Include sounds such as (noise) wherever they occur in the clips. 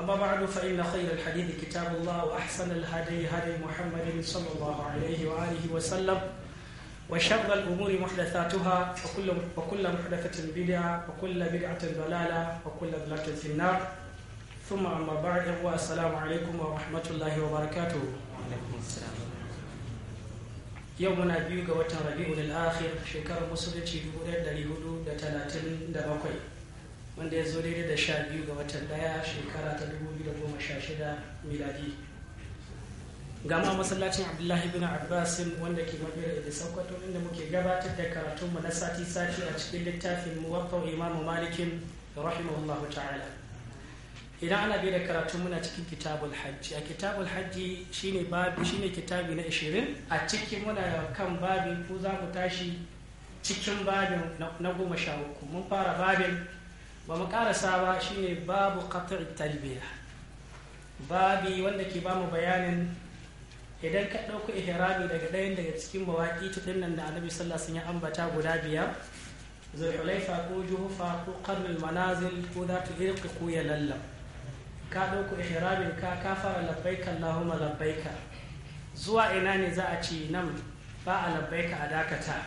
أما بعد فإن خير الحديث كتاب الله وأحسن الهدي هدي محمد صلى الله عليه وآله وسلم وشر الأمور محدثاتها وكل وكل محدثة بدعة وكل بدعة ضلالة وكل ضلالة في النار ثم أما بعد والسلام عليكم ورحمة الله وبركاته وعليكم السلام يومنا بيوغا وتنربيع الآخر شكر مسلم 1437 wanda ya zo daidai da sha biyu ga watan daya shekara ta 2016 miladi gama masallacin abdullahi bin abbasin wanda ke mabiyar da sokoto inda muke gabatar da karatunmu na sati-sati a cikin littafin muwaffaq imamu malikin rahimahullahu ta'ala idan ana bai da karatu muna cikin kitabul hajji a kitabul hajji shine shine kitabi na 20 a cikin muna kan babin ko za mu tashi cikin babin na goma sha uku mun fara babin ba mu karasa ba shine babu qat'i talbiya babi wanda ke ba mu bayanin idan ka ɗauko ihrami daga ɗayan daga cikin mawaƙi tudin nan da annabi sallallahu alaihi ambata guda biyar zulhulaifa ko juhufa ko qarnul manazil ko ta irq ko lallam. ka ɗauko ihramin ka ka fara labbaika allahumma labbaika zuwa ina ne za a ce nan ba a labbaika a dakata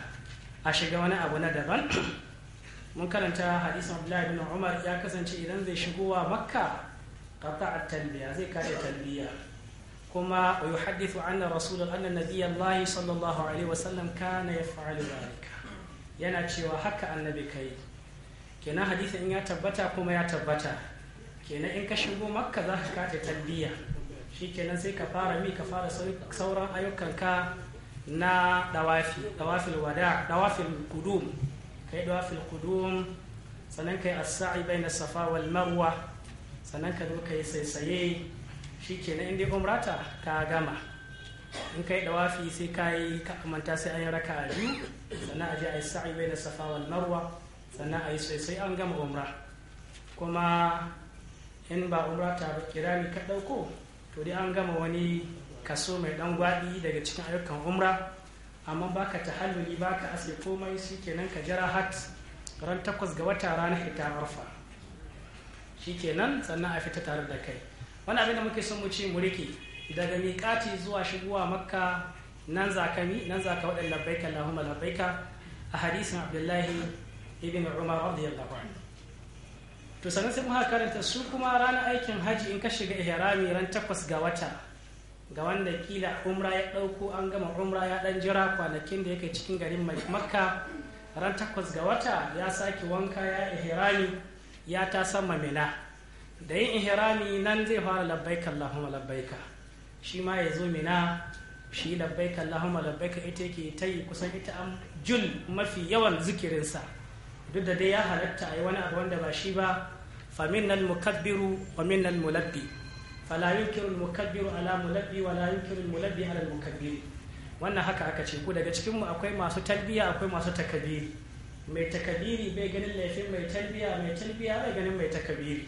a shiga wani abu na daban mun karanta hadisin abdullahi bin umar ya kasance idan zai shigo wa makka qata talbiya zai kare talbiya kuma wa yuhaddithu anna rasul anna nabiyallahi sallallahu alaihi sallam kana yaf'alu dhalika yana cewa haka annabi kai kenan hadisin ya tabbata kuma ya tabbata kenan in ka shigo makka za ka kare talbiya shikenan sai ka fara mi ka fara sauran ayyukanka na dawafil wada dawafil qudum kai du'a fil kudum sannan kai as-sa'i baina safa wal marwa sannan ka zo kai saisaye shikenan in dai umrata ka gama in kai dawafi sai kai ka amanta sai an yi raka biyu sannan a je a yi sa'i na safa wal marwa sannan a yi sai an gama umra kuma in ba umrata ba kirani ka dauko to dai an gama wani kaso mai dan gwaɗi daga cikin ayyukan umra amma baka tahalluli baka aske komai shikenan ka jira hat ran takwas ga wata ranar ita arfa shikenan sannan a fita tare da kai wani abin da muke son mu ce mu daga miƙati zuwa shigowa makka nan zakami nan zaka waɗanda labbaika allahumma labbaika a hadisin abdullahi ibn umar radiyallahu anhu to sannan sai muka karanta su kuma ranar aikin haji in ka shiga ihrami ran takwas ga wata ga wanda kila umra ya ɗauko an gama umra ya ɗan jira kwanakin da yake cikin garin makka ran takwas ga wata ya sake wanka ya ihrami ya ta sama mina da yin ihrami nan zai fara labbaika allahumma labbaika shi ma ya zo mina shi labbaika allahumma labbaika ita yake ta yi kusan ita an jul mafi yawan zikirinsa duk da dai ya halatta a yi wani abu wanda ba shi ba faminal mukabbiru wa mulabbi fala yunkiru mukabbiru ala mulabbi wala yunkiru mulabbi ala mukabbiri wannan haka aka ce ku daga cikin mu akwai masu talbiya akwai masu takabiri mai takabiri bai ganin laifin mai talbiya mai talbiya bai ganin mai takabiri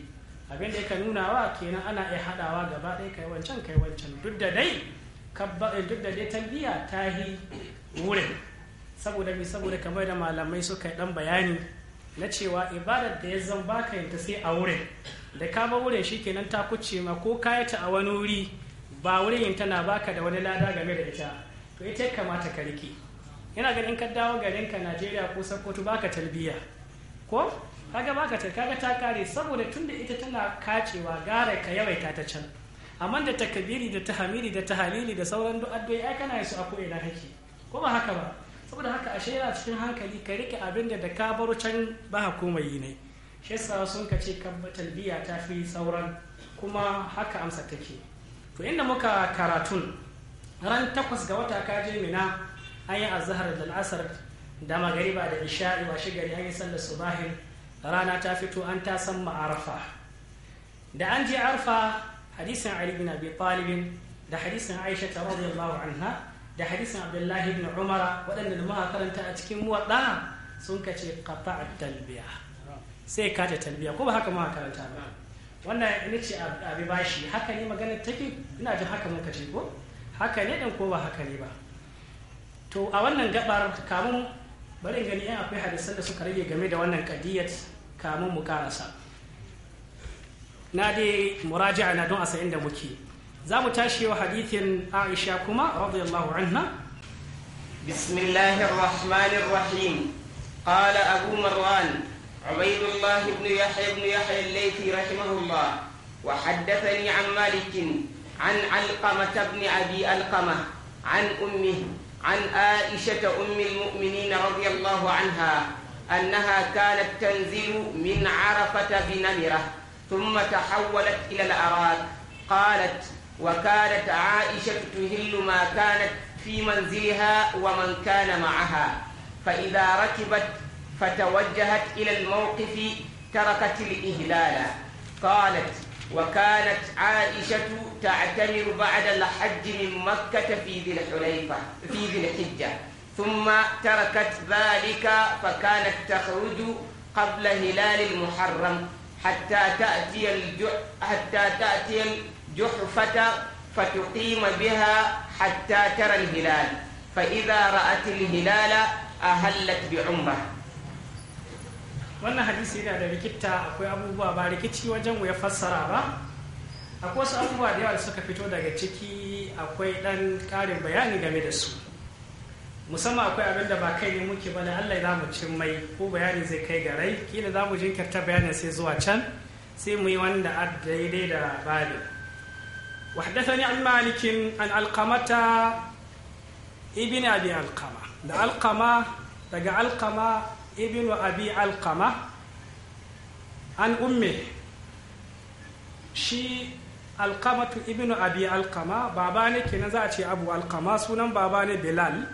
abin da yake nunawa kenan ana iya hadawa gaba ɗaya kai wancan kai wancan duk da dai eh, duk da dai talbiya ta yi wurin saboda mi saboda kamar da malamai suka yi dan bayani na cewa ibadar da ya zan baka yin sai a wurin da ka ba wurin shi kenan ta kuce ma ko ka ta a wani wuri ba wurin tana baka da wani lada game da ita to ita kamata ka rike yana ganin ka dawo garin ka Najeriya ko Sokoto baka talbiya ko kaga baka ta kaga ta kare saboda tunda ita tana kacewa gara ka yawaita ta can amma da takabiri da tahamiri da tahalili da sauran du'addoyi ai kana su a koyi na haki ko ba haka ba saboda haka ashe yana cikin hankali ka rike abin da ka baro can ba komai ne shi yasa sun ka ce talbiya ta fi sauran kuma haka amsa take to inda muka karatun ran takwas ga wata ka je mina an yi azhar da al'asar da magariba da isha'i washe gari an yi sallar subahin rana ta fito an ta san ma'arafa da an je arfa hadisin ali bin abi talibin da hadisin aisha ta radiyallahu anha da hadisin abdullahi Ibn umara waɗanda da muka karanta a cikin muwaɗa sun kace qata'a talbiya sai ka ta talbiya ko ba haka ma karanta ba wannan ina ce abi bashi haka ne maganar take ina jin haka muka ce ko haka ne dan ko ba haka ne ba to a wannan gabar kamun bari in gani yan akwai hadisan da suka rage game da wannan kadiyat kamun mu karasa na dai muraja'a na don a sayin inda muke za mu tashi wa hadithin Aisha kuma radiyallahu anha Bismillahir rahmanir rahim. قال أبو مروان عبيد الله بن يحيى بن يحيى الليثي رحمه الله وحدثني عن مالك عن علقمة بن أبي علقمة عن أمه عن عائشة أم المؤمنين رضي الله عنها أنها كانت تنزل من عرفة بنمرة ثم تحولت إلى الأراك قالت وكانت عائشة تهل ما كانت في منزلها ومن كان معها فإذا ركبت فتوجهت إلى الموقف تركت الإهلال قالت وكانت عائشة تعتمر بعد الحج من مكة في ذي الحليفة في ذي الحجة ثم تركت ذلك فكانت تخرج قبل هلال المحرم حتى تأتي حتى تأتي الجحفة فتقيم بها حتى ترى الهلال فإذا رأت الهلال أهلت بعمره wannan hadisi yana da rikita akwai abubuwa ba rikici wajen ya fassara ba akwai wasu abubuwa da yawa da suka fito daga ciki akwai ɗan karin bayani game da su musamman akwai abin da ba kai ne muke ba da allah za mu cin mai ko bayani zai kai ga rai kila za mu jinkirta bayanin sai zuwa can sai mu yi wanda a daidai da bani وحدثني عن مالك عن علقمة ابن أبي علقمة ده علقمة daga alkama ibn abi alkama an umme shi alkamatu ibn abi alkama baba ne kenan za a ce abu alkama sunan baba bilal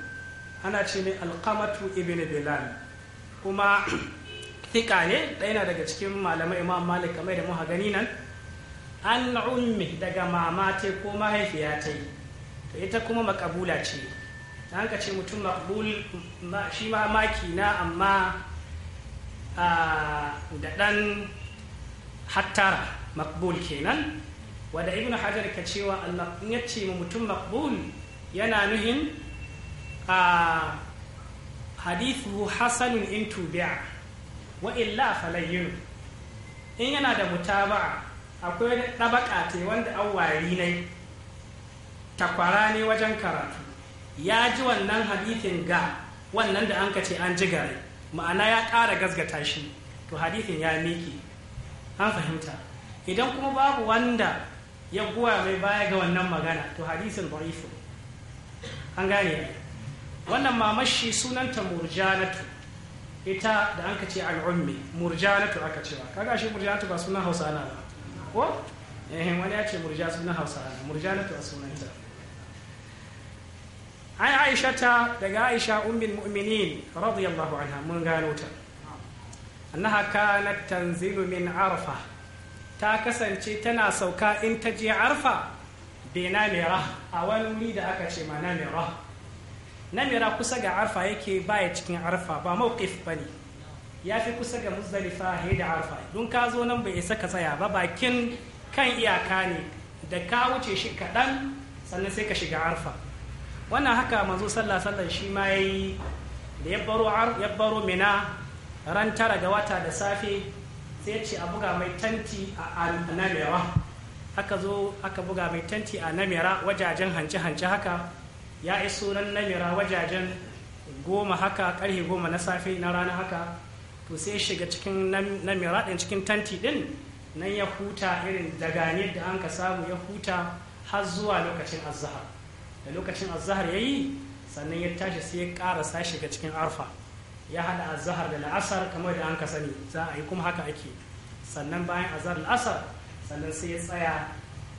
ana ce mai alkamatu ibn bilal kuma kika ne ɗaya daga cikin malamai imam malik kamar da muka gani nan an ummi daga mama ta ko mahaifiya ta yi ita kuma makabula ce da hanka ce mutum makbul shi ma maki na amma da ɗan hattara makbul kenan wadda ibn hajar ka cewa in ya ce mutum makbul yana nuhin a hadithu hasanun in tubi'a wa illa falayyun in yana da mutaba'a akwai ɗabaka te wanda an wari ne takwara ne wajen karatu ya ji wannan hadithin ga wannan da an ce an ji gare ma'ana ya ƙara gasgata shi to hadithin ya miki an fahimta idan kuma babu wanda ya goya mai baya ga wannan magana to hadisin da'ifu an gane wannan mamashi sunanta murjanatu ita da an ce al'ummi murjanatu aka cewa kaga shi murjanatu ba sunan hausa na ba ko eh, wani ya ce murja sunan hausa murjanatu a sunanta an aishata daga aisha ummin mu'minin radiyallahu anha mun gano ta annaha kanat tanzilu min arfa ta kasance tana sauka in ta je arfa bi namira a wani wuri da aka ce ma namira namira kusa ga arfa yake baya cikin arfa ba mawqif bane ya fi kusa ga muzdalifa he da arfa don ka zo nan bai isa ka tsaya ba bakin kan iyaka ne da ka wuce shi kaɗan sannan sai ka shiga arfa wannan haka manzo sallah sallan shi ma yayi da ya baro ar ya baro mina ran tara ga wata da safe sai ya ce a buga mai tanti a namera haka zo aka buga mai tanti a namera wajajen hanci hanci haka ya iso nan namera wajajen goma haka karhe goma na safe na rana haka to sai shiga cikin namera din cikin tanti ɗin nan ya huta irin daga ne da an ka samu ya huta har zuwa lokacin azhar da lokacin azahar ya yi sannan ya tashi sai ya shi ga cikin arfa ya haɗa azahar da la'asar kamar da an ka sani za a yi kuma haka ake sannan bayan azahar la'asar sannan sai ya tsaya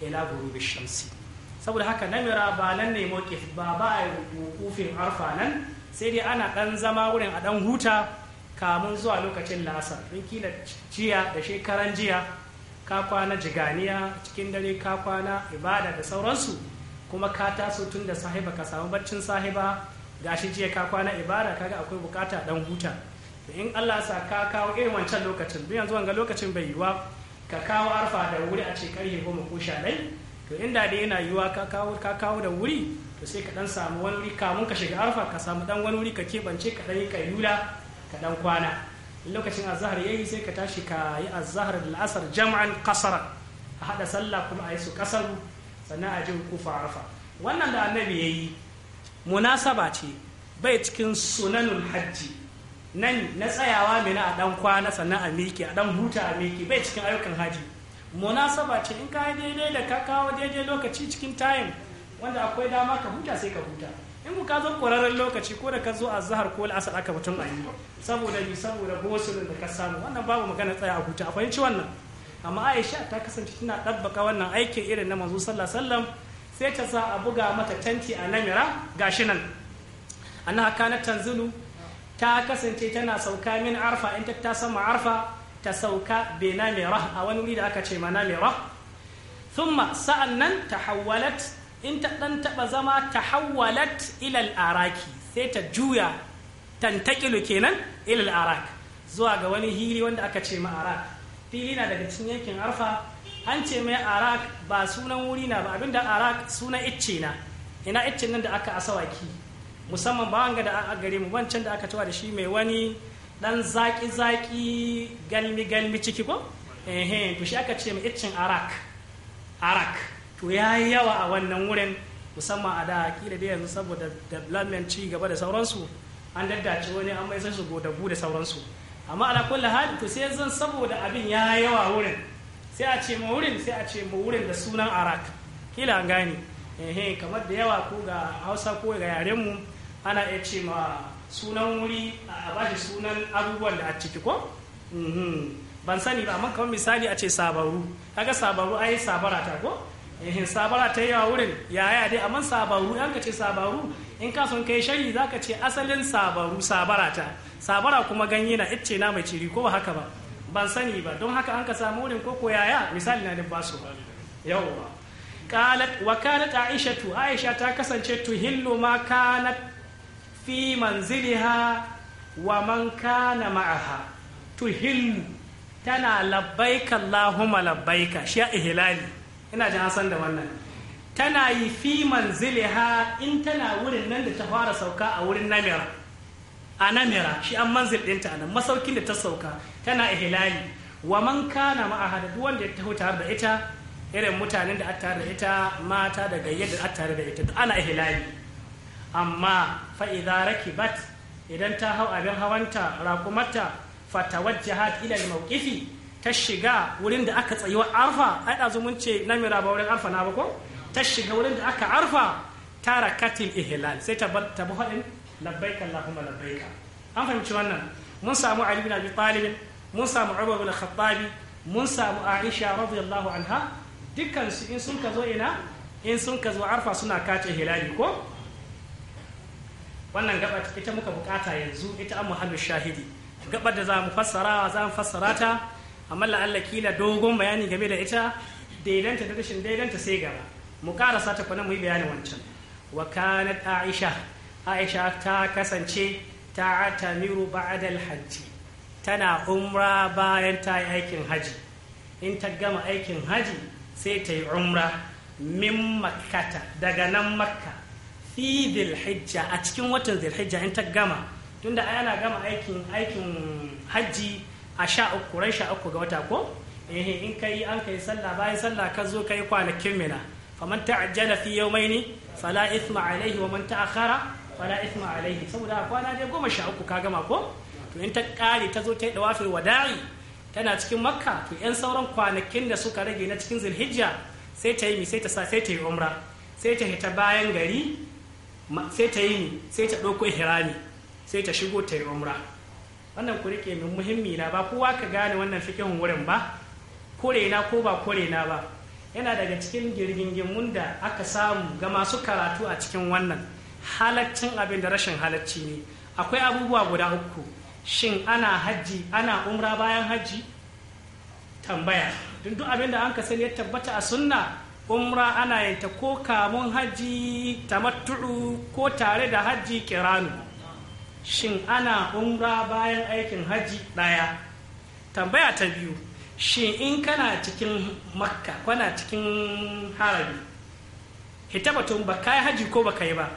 ila gurubi shamsi saboda haka namira ba nan ne moke. ba ba a yi wukufin arfa nan sai dai ana ɗan zama wurin a ɗan huta kamun zuwa lokacin la'asar don kila jiya da shekaran jiya ka kwana jiganiya cikin dare ka kwana ibada da sauransu kuma ka taso tun da sahiba ka samu baccin sahiba shi jiya ka kwana ibada kaga akwai bukata dan huta to in Allah sa ka kawo irin wancan lokacin duk yanzu wanga lokacin bai yiwa ka kawo arfa da wuri a ce karfe goma ko sha dai to inda da yana yiwa ka kawo ka kawo da wuri to sai ka dan samu wani wuri kamun ka shiga arfa ka samu dan wani wuri ka keɓance ka dan yi yula ka dan kwana in lokacin azhar yayi sai ka tashi ka yi azhar da al'asar jam'an qasara a hada sallah kuma a yi su kasaru sannan a ji kufa arfa wannan da annabi ya yi munasaba ce bai cikin sunanul hajji nan na tsayawa mina a dan kwana sannan a miki a dan huta a miki bai cikin ayyukan hajji. munasaba ce in ka daidai da ka kawo daidai lokaci cikin tayin wanda akwai dama ka huta sai ka huta in ka zo kwararren lokaci ko da ka zo a zahar ko al'asar aka mutum a yi saboda yi saboda gosulin da ka samu wannan babu magana tsaya a huta a fahimci wannan amma aisha ta kasance tana ɗabbaka wannan aikin irin na manzo sallallahu sai ta sa a buga mata tanti a namira gashi nan haka na tanzilu ta kasance tana sauka min arfa in ta ta sama arfa ta sauka be namira a wani wuri da aka ce ma namira thumma sa'an nan tahawwalat in ta dan taba zama ta ila ilal araki sai ta juya tantakilu kenan ila al-arak zuwa ga wani hili wanda aka ce ma arak fili na daga cikin yankin arfa an ce mai arak ba sunan wuri na ba abinda arak sunan icce na ina icce nan da aka asawaki musamman ba wanga da a gare mu wancan da aka cewa da shi mai wani dan zaki zaki galmi galmi ciki ko eh to shi aka ce mai iccen arak arak to yayi yawa a wannan wurin musamman a da kila da yanzu saboda development ci gaba da sauransu an daddace wani an mai sai su bu da sauransu amma ala kulli hali to sai zan saboda abin ya yawa wurin sai a ce ma wurin sai a ce ma wurin da sunan arak kila an gane ehe kamar da yawa ko ga hausa ko ga yaren mu ana iya ce ma sunan wuri a bashi sunan abubuwan da a ciki ko mhm. ban sani ba amma kamar misali a ce sabaru kaga sabaru ai sabara ta ko ehin sabara ta yawa wurin yaya dai amma sabaru an ka ce sabaru in ka son kai shari zaka ce asalin sabaru sabara ta sabara kuma ganye na ice na mai ciri ko ba haka ba ban sani ba don haka an ka samu wurin koko yaya misali na ba su yawwa qalat wa kanat aishatu aisha ta kasance hillu ma kanat fi manziliha wa man kana ma'aha hillu tana labbaika allahumma labbaika shi ihlali ina jin san da wannan tana yi fi manziliha in tana wurin nan da ta fara sauka a wurin namira a namira shi an manzil ɗinta nan masaukin da ta sauka tana ihlali wa man kana ma a duk wanda ya taho tare da ita irin mutanen da tare da ita mata da gayyar da tare da ita ana ihlali amma fa idza rakibat idan ta hau abin hawanta rakumarta tawajjaha ila al-mawqifi ta shiga wurin da aka tsayi arfa ai da mun ce namira ba wurin arfa na ba ko ta shiga wurin da aka arfa tarakatil ihlal sai ta ba ta labbaika allahumma labbaika an fahimci wannan mun samu ali bin abi talib mun samu umar bin khattabi mun samu aisha radiyallahu anha dukkan su in sun ka zo ina in sun ka zo arfa suna kace hilali ko wannan gaba ita muka bukata yanzu ita an muhallu shahidi gaba da za mu fassara za mu fassara ta amma la'alla kila dogon bayani game da ita daidanta da rashin daidanta sai gaba mu karasa ta kwana mu yi bayanin wancan wa kanat aisha aisha ta kasance ta tamiru ba'adal hajji tana umra bayan ta yi aikin haji in ta gama aikin haji sai ta yi umra min makkata daga nan makka fi hijja a cikin watan hijja in ta gama tunda ana gama aikin aikin hajji a sha uku ran sha uku ga wata ko eh in yi an kai sallah bayan sallah ka zo ka yi kwanakin mina faman ta'ajjala fi yawmaini fala ithma alaihi wa man kara. wala isma alaihi saboda kwana dai goma sha uku ka gama ko to in ta kare ta zo ta yi dawafi wada'i tana cikin makka to yan sauran kwanakin da suka rage na cikin zulhijja sai ta yi mi sai ta sa sai ta yi umra sai ta hita bayan gari sai ta yi mi sai ta ɗauko ihrami sai ta shigo ta yi umra wannan ku rike min muhimmi na ba kowa ka gane wannan fikihun wurin ba kore na ko ba kore na ba yana daga cikin girgingimun da aka samu ga masu karatu a cikin wannan halaccin abin da rashin halacci ne akwai abubuwa guda uku shin ana hajji ana umra bayan hajji tambaya don duk abin da an ka sani ya tabbata a sunna umra ana yin ta ko kamun hajji tamattu'u ko tare da hajji kiranu shin ana umra bayan aikin hajji ɗaya tambaya ta biyu shin in kana cikin makka kana cikin harabi ita batun ba ka yi hajji ko ba ka yi ba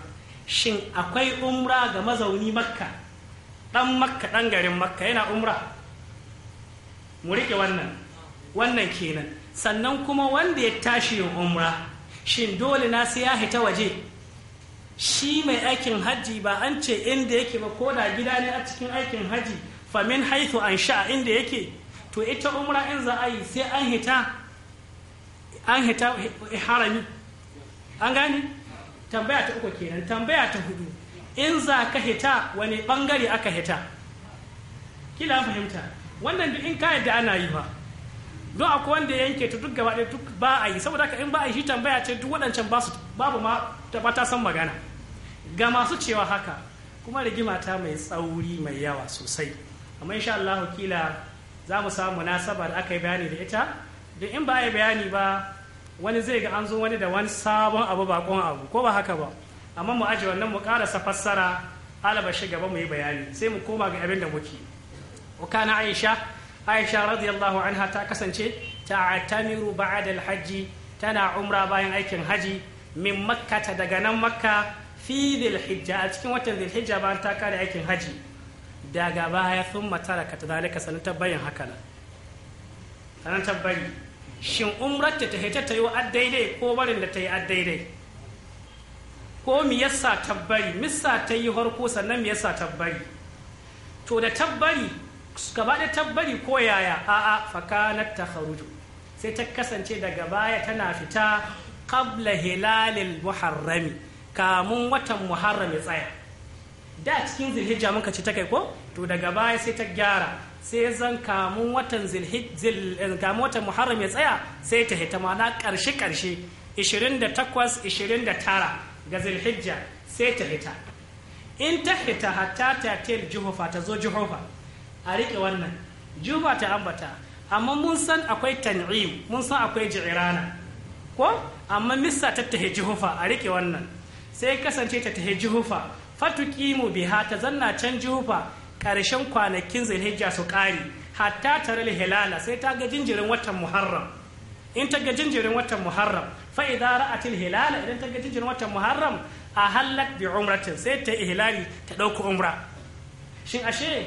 shin akwai umra ga mazauni makka dan makka dan garin makka yana umra mu rike wannan wannan kenan sannan kuma wanda ya tashi yin umra shin dole na sai ya hita waje shi mai aikin hajji ba an ce inda yake ba ko da gida ne a cikin aikin hajji famin haithu an sha inda yake to ita umra in za a yi sai an hita an hita harami an gani tambaya ta uku kenan tambaya ta hudu in za ka hita wani bangare aka hita kila fahimta wannan duk in kayan da ana yi ba don akwai wanda yanke ta duk gaba duk ba a yi saboda haka in ba a yi shi tambaya ce duk waɗancan babu ma ta san magana ga masu cewa haka kuma rigima ta mai tsauri mai yawa sosai amma insha Allah kila za mu samu nasabar da aka yi bayani da ita duk in ba a yi bayani ba wani zai ga an zo wani da wani sabon abu bakon abu ko ba haka ba amma mu aje wannan mu karasa fassara alaba shi gaba mu yi bayani sai mu koma ga abin da muke ukana aisha aisha radiyallahu anha ta kasance ta atamiru ba'da al tana umra bayan aikin haji min makka ta daga nan makka fi hijja a cikin watan hijja bayan ta kare aikin haji daga baya sun matara ka ta sanin tabbayin haka nan sanin shin umratta ta hita ta yi daidai ko barin da ta yi daidai ko mi yasa tabbari misa ta yi harko sannan mi yasa tabbari to da tabbari ba da tabbari ko yaya a'a fakanat ta haruju sai ta kasance daga baya tana fita qabla hilalin muharrami kamun watan muharrami tsaya da cikin zilhijja muka ci ta kai ko to daga baya sai ta gyara sai zan kamun watan eh, watan muharram ya tsaya sai ta hita mana karshe karshe 28 29 ga zilhijja sai ta hita in ta hita hatta ta tel juhufa ta zo juhufa a riƙe wannan juhufa ta ambata amma mun san akwai tan'iyu mun san akwai ji'irana ko amma missa ta tahe juhufa a riƙe wannan sai kasance ta tahe juhufa fatuqimu biha ta zanna can juhufa karshen kwanakin zulhijja su kare hatta taral hilala sai ta ga jinjirin watan muharram in ta ga jinjirin watan muharram fa idza ra'atil hilala idan ta ga jinjirin watan muharram a hallat bi umratin sai ta hilali ta dauko umra shin ashe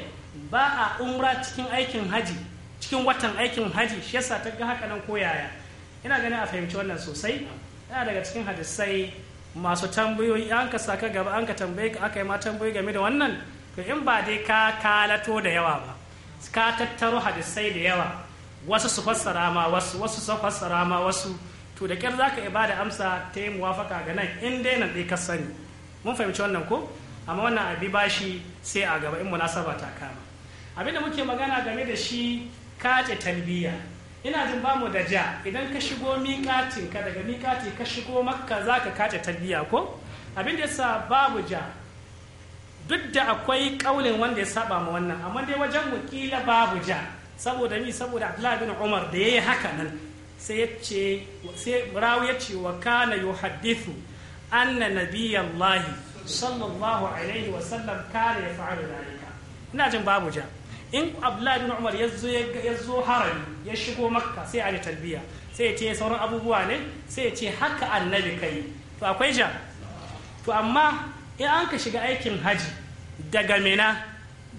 ba a umra cikin aikin haji cikin watan aikin haji shi yasa ta ga haka nan koyaya ina ganin a fahimci wannan sosai yana daga cikin hadisai masu tambayoyi an ka saka gaba an ka tambaye ka aka yi ma tambayoyi game da wannan to in ba dai ka kalato da yawa ba ka tattaro hadisai da yawa wasu su fassara ma wasu wasu su fassara ma wasu to da kyar zaka iya bada amsa ta yi muwafaka ga nan in dai nan dai ka sani mun fahimci wannan ko amma wannan abi bashi sai a gaba in munasaba ta kama abinda muke magana game da shi kace talbiya ina jin ba mu da ja idan ka shigo miƙatin ka daga miƙati ka shigo makka zaka kace talbiya ko abin da yasa babu ja duk da akwai kaulin wanda ya saba ma wannan amma dai wajen wakila babu ja saboda ni saboda Abdullahi bin Umar da yayi haka nan sai yace ce sai rawi ya ce wa kana yuhaddithu anna nabiyallahi sallallahu alaihi wa sallam kana yaf'alu dalika ina jin babu ja in Abdullahi bin Umar ya zo ya harami ya shigo Makka sai a talbiya sai ya ce sauran abubuwa ne sai ya ce haka annabi kai to akwai ja to amma in an ka shiga aikin haji daga mina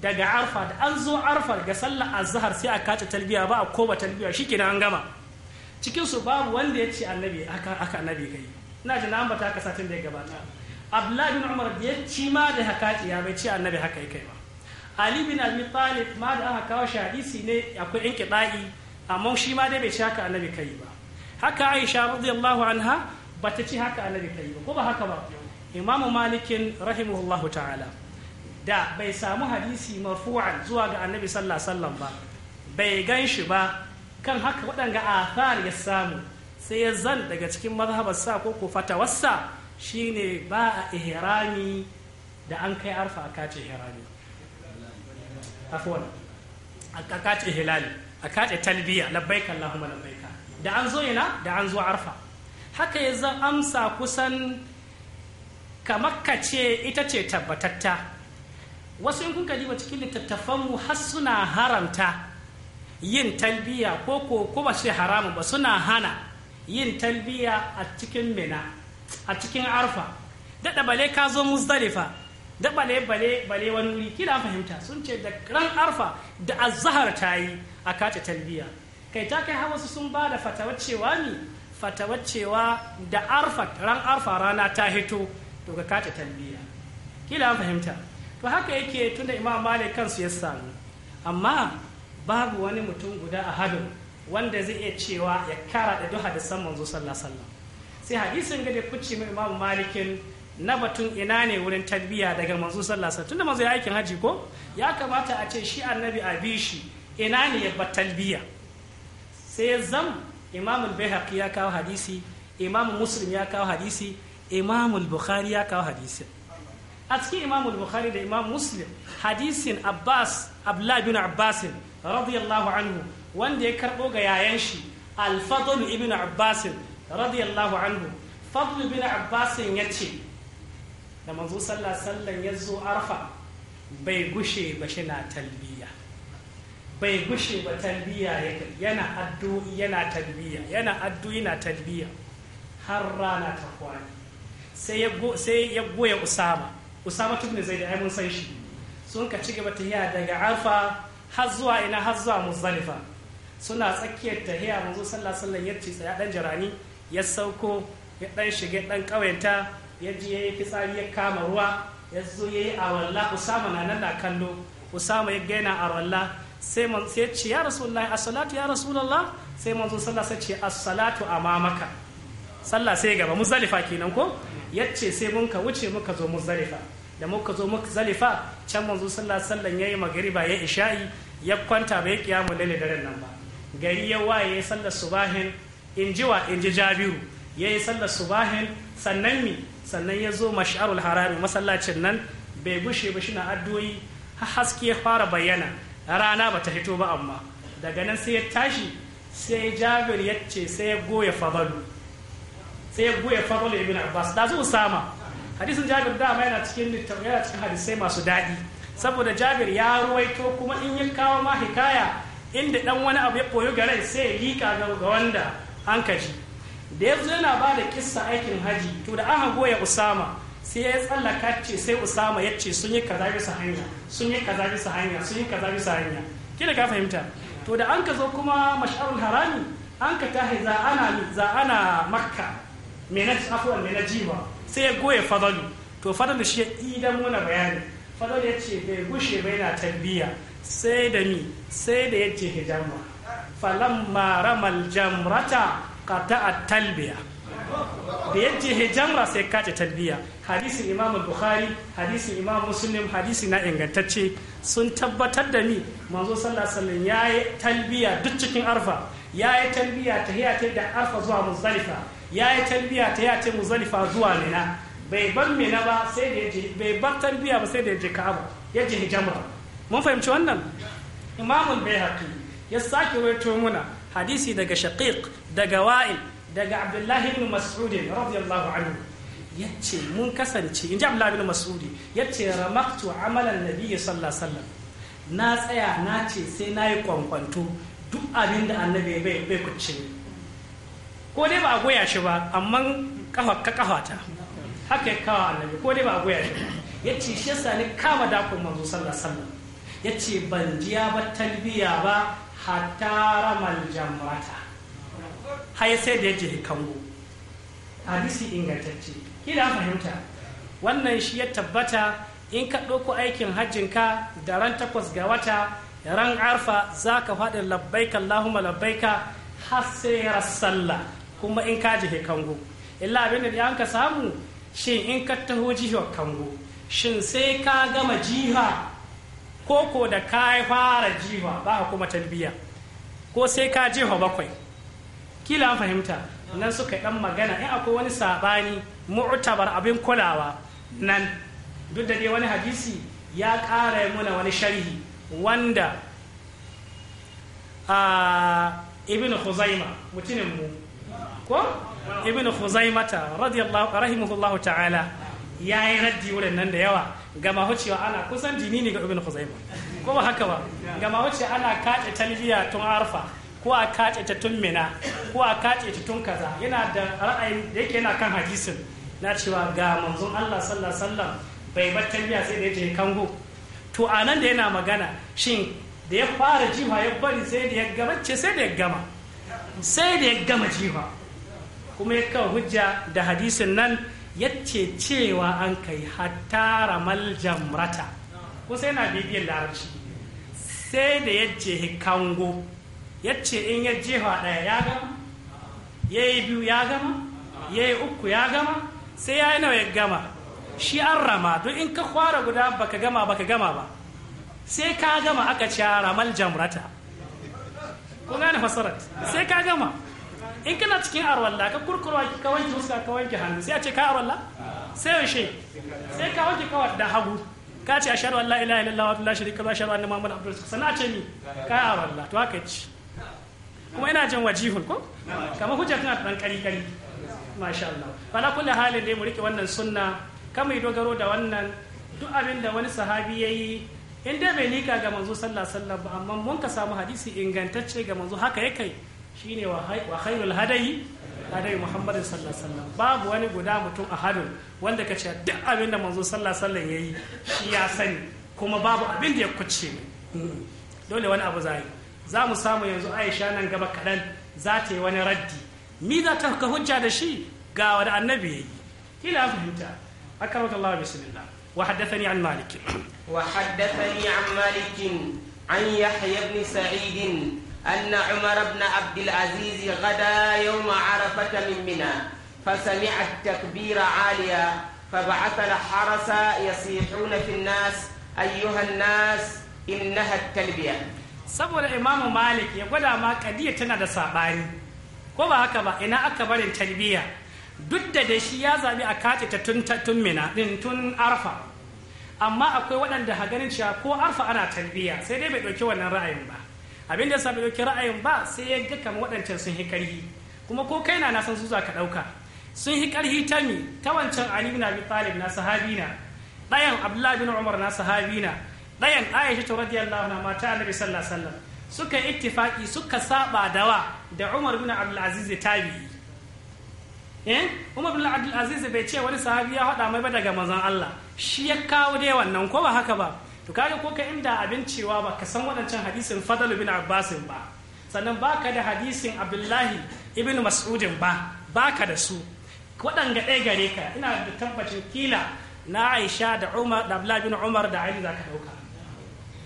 daga arfa da an zo arfa ga sallar azhar sai a kace talbiya ba a koba talbiya kenan an gama cikin su babu wanda ya ce annabi haka aka annabi kai ina ji na ambata ka satin da ya gabata abdullahi bin umar da ya ci ma da haka ya bai ce annabi haka kai ba ali bin abi talib ma da aka kawo shi hadisi ne akwai in kida'i amma shi ma dai bai ci haka annabi kai ba haka aisha radiyallahu anha bata ci haka annabi kai ba ko ba haka ba imamu malikin rahimahullahu ta'ala da bai samu hadisi marfu'an zuwa ga annabi sallallahu sallam ba bai gan shi ba kan haka waɗanga athar ya samu sai ya zan daga cikin mazhabarsa ko ko fatawarsa shine ba a ihrami da an kai arfa a kace ihrami afwan a kace hilali a kace talbiya labbaika allahumma labbaika da an zo yana da an zo arfa haka ya zan amsa kusan kamar ka ce ita ce tabbatatta wasu yankun kuka diba cikin littattafanmu har suna haramta yin talbiya ko ko ko ba shi haramun ba suna hana yin talbiya a cikin mina a cikin arfa daɗa bale ka zo muzdalifa da bale bale bale wani wuri kila fahimta sun ce da ran arfa da azahar ta yi a kace talbiya kai ta kai hawa su sun ba da fatawa cewa ni fatawa cewa da arfa ran arfa rana ta hito to ka kata tambiya kila fahimta to haka yake tunda imam malik kansu ya samu amma babu wani mutum guda a hadin wanda zai iya cewa ya kara da duk hadisan manzo sallallahu alaihi sai hadisin ga da kuce mai imam malikin na batun ina ne wurin tarbiyya daga manzo sallallahu alaihi tunda manzo ya aikin haji ko ya kamata a ce shi annabi a bi shi ina ne ya bar sai zam imam al ya kawo hadisi imam muslim ya kawo hadisi imamul bukhari ya kawo hadisin a cikin imamul bukhari da imam muslim hadisin abbas abdullah bin abbasin radiyallahu anhu wanda ya karɓo ga yayan shi alfadl ibn abbasin radiyallahu anhu fadl bin abbasin ya ce da manzo sallah sallan ya zo arfa bai gushe ba shi na talbiya bai gushe ba talbiya yana addu yana talbiya yana addu na talbiya har rana ta kwana sai ya sai ya goya usama usama tun zai da ai mun san shi sun ka ci gaba tahiya daga arfa har zuwa ina har zuwa muzdalifa suna tsakiyar tahiya manzo sallallahu alaihi wasallam ya ce tsaya dan jarani ya sauko ya dan shige dan kawenta ya ji yayi fitsari ya kama ruwa ya zo yayi awalla usama na nan da kallo usama ya gaina awalla sai man sai ci ya rasulullahi as-salatu ya rasulullah sai manzo sallallahu alaihi wasallam ci as-salatu amamaka sallah sai gaba muzdalifa kenan ko yace sai mun ka wuce muka zo muzdalifa da muka zo muzdalifa can manzo sallallahu alaihi wasallam yayi magriba ya isha'i ya kwanta bai kiyamu lalle daren nan ba gari ya waye sallar subahin in ji wa in ji jabiru yayi sallar subahin sannan mi sannan ya zo mash'arul harami masallacin nan bai bushe ba shina addu'o'i haske ya fara bayyana rana ba ta hito ba amma daga nan sai ya tashi sai jabir ya ce sai ya goya fadalu sai ya goya da ibn abbas da zuwa usama hadisin jabir dama yana cikin yana cikin hadisai masu daɗi saboda jabir ya ruwaito kuma in ya kawo ma hikaya inda dan wani abu ya koyo ga rai sai ya lika ga wanda an ji da yanzu yana ba da kisa aikin haji to da aka goya usama sai ya tsallaka ce sai usama ya ce sun yi kaza bisa hanya sun yi kaza bisa hanya sun yi kaza bisa hanya kina ka fahimta to da an ka zo kuma mash'arul harami an ka tahi za ana za ana makka minaj afwan na jima sai ya goya fadalu to fadalu shi ya idan muna bayani fadalu ya ce bai gushe bai na tarbiya sai da ni sai da ya ce hijamma falamma ramal jamrata a talbiya da ya ce hijamra sai kace talbiya hadisin imam bukhari hadisin imam muslim hadisi na ingantacce sun tabbatar da ni manzo sallallahu alaihi wasallam yayi talbiya duk cikin arfa yayi talbiya tahiyya da arfa zuwa muzdalifa ya yi talbiya ta ya ce muzalifa zuwa mina bai bar mina ba sai da yaje bai bar talbiya ba sai da yaje ka'aba yaje hijamra mun fahimci wannan imamul bayhaqi ya sake wato muna hadisi daga shaqiq daga wa'il daga abdullahi ibn mas'ud radiyallahu anhu yace mun kasance inji abdullahi ibn mas'ud yace ramaktu amalan nabiy sallallahu alaihi wasallam na tsaya na ce sai na yi kwankwanto duk abinda da annabi bai bai kucce ko dai ba a goya shi ba amma kafa ka kafa ta haka ya kawo annabi ko dai ba a goya shi ba yace shi yasa ni kama dakon manzo sallallahu alaihi wasallam yace ban jiya ba talbiya ba hatta ramal jamrata har sai da yaje kango hadisi ingantacce kila fahimta wannan shi ya tabbata in ka ɗauko aikin hajjinka da ran takwas ga wata ran arfa za ka faɗi labbaika allahumma labbaika har sai sallah kuma in ka jihe kango illa abin da an ka samu shin in ka taho jihar kango shin sai ka gama jiha koko da ka fara jiha ba kuma talbiya ko sai ka jiha bakwai kila an fahimta nan suka dan magana in akwai wani sabani mu'tabar abin kulawa nan duk da dai wani hadisi ya ƙara muna wani sharhi wanda a ah, ibn khuzaima mutumin mu ko ibn khuzaimata radiyallahu rahimahullahu ta'ala yayi raddi wurin nan da yawa ga mahucewa ana kusan dini ne ga ibn khuzaima ko ba haka ba ga mahuce ana kace talbiya tun arfa ko a kace ta tun mina ko a kace ta tun kaza yana da ra'ayi da yake yana kan hadisin na cewa ga manzon Allah sallallahu alaihi wasallam bai bar talbiya sai da yake kango to anan da yana magana shin da ya fara jiha ya bari sai da ya gama ce sai da ya gama sai da ya gama jiha kuma ya kawo hujja da hadisin nan ya ce cewa an kai hatta ramal jamrata ko sai na bibiyar larabci sai da ya yace kango ce in ya jefa daya ya gama ya yi biyu ya gama ya yi uku ya gama sai ya yi nawa ya gama shi an rama don in ka kwara guda baka gama baka gama ba sai ka gama aka ci ramal jamrata kun gane fasarar sai ka gama in kana cikin arwalla ka ki ka wanke fuska ka wanke hannu sai a ce ka arwalla sai yaushe sai ka wanke kawar da hagu ka ce ashhadu an la ilaha illallah wa la sharika lahu ashhadu anna muhammadan abduhu sannan a ce ni ka arwalla to haka ci kuma ina jin wajihun ko kamar hujja tana dan kari kari masha Allah fala kullu halin dai mu rike wannan sunna kama yi dogaro da wannan duk abin da wani sahabi yayi in dai bai nika ga manzo sallallahu alaihi wasallam ba amma mun ka samu hadisi ingantacce ga manzo haka yake shine wa khairul hadayi hadayi muhammadin sallallahu babu wani guda mutum a ahadun wanda ka ce duk abin da manzo sallallahu ya yi shi ya sani kuma babu abin da ya kuce dole wani abu zai za mu samu yanzu Aisha nan gaba kaɗan za ta yi wani raddi mi za ta ka hujja da shi ga wani annabi yayi kila fahimta akramaka Allah bismillah wa haddathani an malik wa haddathani an malikin an yahya ibn Sa'idin. أن عمر بن عبد العزيز غدا يوم عرفة من منى فسمع التكبير عاليا فبعث الحرس يصيحون في الناس أيها الناس إنها التلبية saboda imamu malik ya gwada ma kadiyar tana da saɓani ko ba haka ba ina aka barin talbiya duk da da shi ya zaɓi a kace ta tun tun mina din tun arfa amma akwai waɗanda haganin cewa ko arfa ana talbiya sai dai bai ɗauki wannan ra'ayin ba abin da ya sami dauki ra'ayin ba sai ya ga kamar waɗancan sun yi ƙarfi kuma ko kai na san su ka ɗauka sun yi ƙarfi ta mi ta wancan ali bin abi talib na sahabina ɗayan abdullah bin umar na sahabina ɗayan aisha ta radiyallahu anha mata annabi sallallahu alaihi wasallam suka ittifaqi suka saba dawa da umar bin abdul aziz bi. eh umar bin abdul bai ce wani sahabi ya faɗa mai ba daga manzon Allah shi ya kawo dai wannan ko ba haka ba to kaga ko ka inda abin cewa ba ka san waɗancan hadisin fadal bin abbasin ba sannan ba ka da hadisin abdullahi ibn mas'udin ba ba ka da su waɗanga ɗaya gare ka ina da tabbacin kila na aisha da umar da abdullahi bin umar da ali za ka ɗauka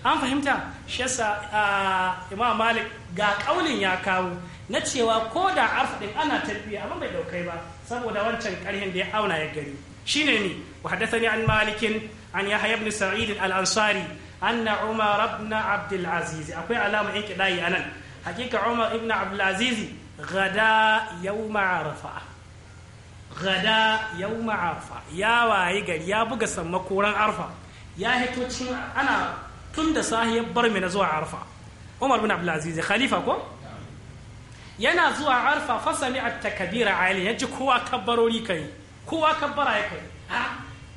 an fahimta shesa yasa imam malik ga ƙaunin ya kawo na cewa ko da arfaɗin ana tafiya amma bai ɗaukai ba saboda wancan ƙarhin da ya auna ya gani shine ni wa ni an malikin an yahya ibn sa'id al-ansari anna umar ibn abd al-aziz akwai alama in kidai anan hakika umar ibn abd al-aziz gada yawm arafa gada yawm arafa ya waye ya buga sammakoran arfa ya hito ana tun da sahiyar bar mina zuwa arfa umar ibn abd al khalifa ko yana zuwa arfa fasami at takbira ali yaji kowa kabbarori kai kowa kabbara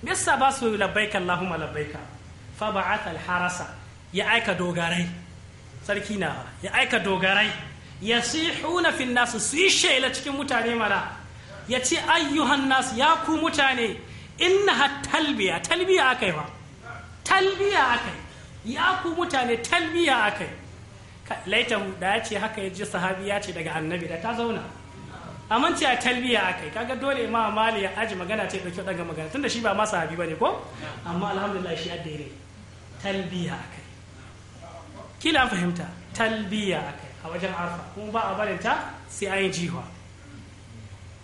me yasa ba su labbaika Allahumma labbaika fa ba'atha al-harasa ya aika dogarai sarki na ya aika dogarai yasihuna fi nas su yi shela cikin mutane mana yace ayyuhan nas ya ku mutane innaha talbiya talbiya akai ba talbiya akai ya ku mutane talbiya akai laita da ya ce haka ya ji sahabi ya ce daga annabi da ta zauna amma ce a talbiya kaga dole a mali ya aji magana ce dauke daga magana tunda shi ba ma sahabi bane ko amma alhamdulillah shi a daire talbiya kai. kila an fahimta talbiya kai a wajen arfa kuma ba a barin ta sai an yi jiwa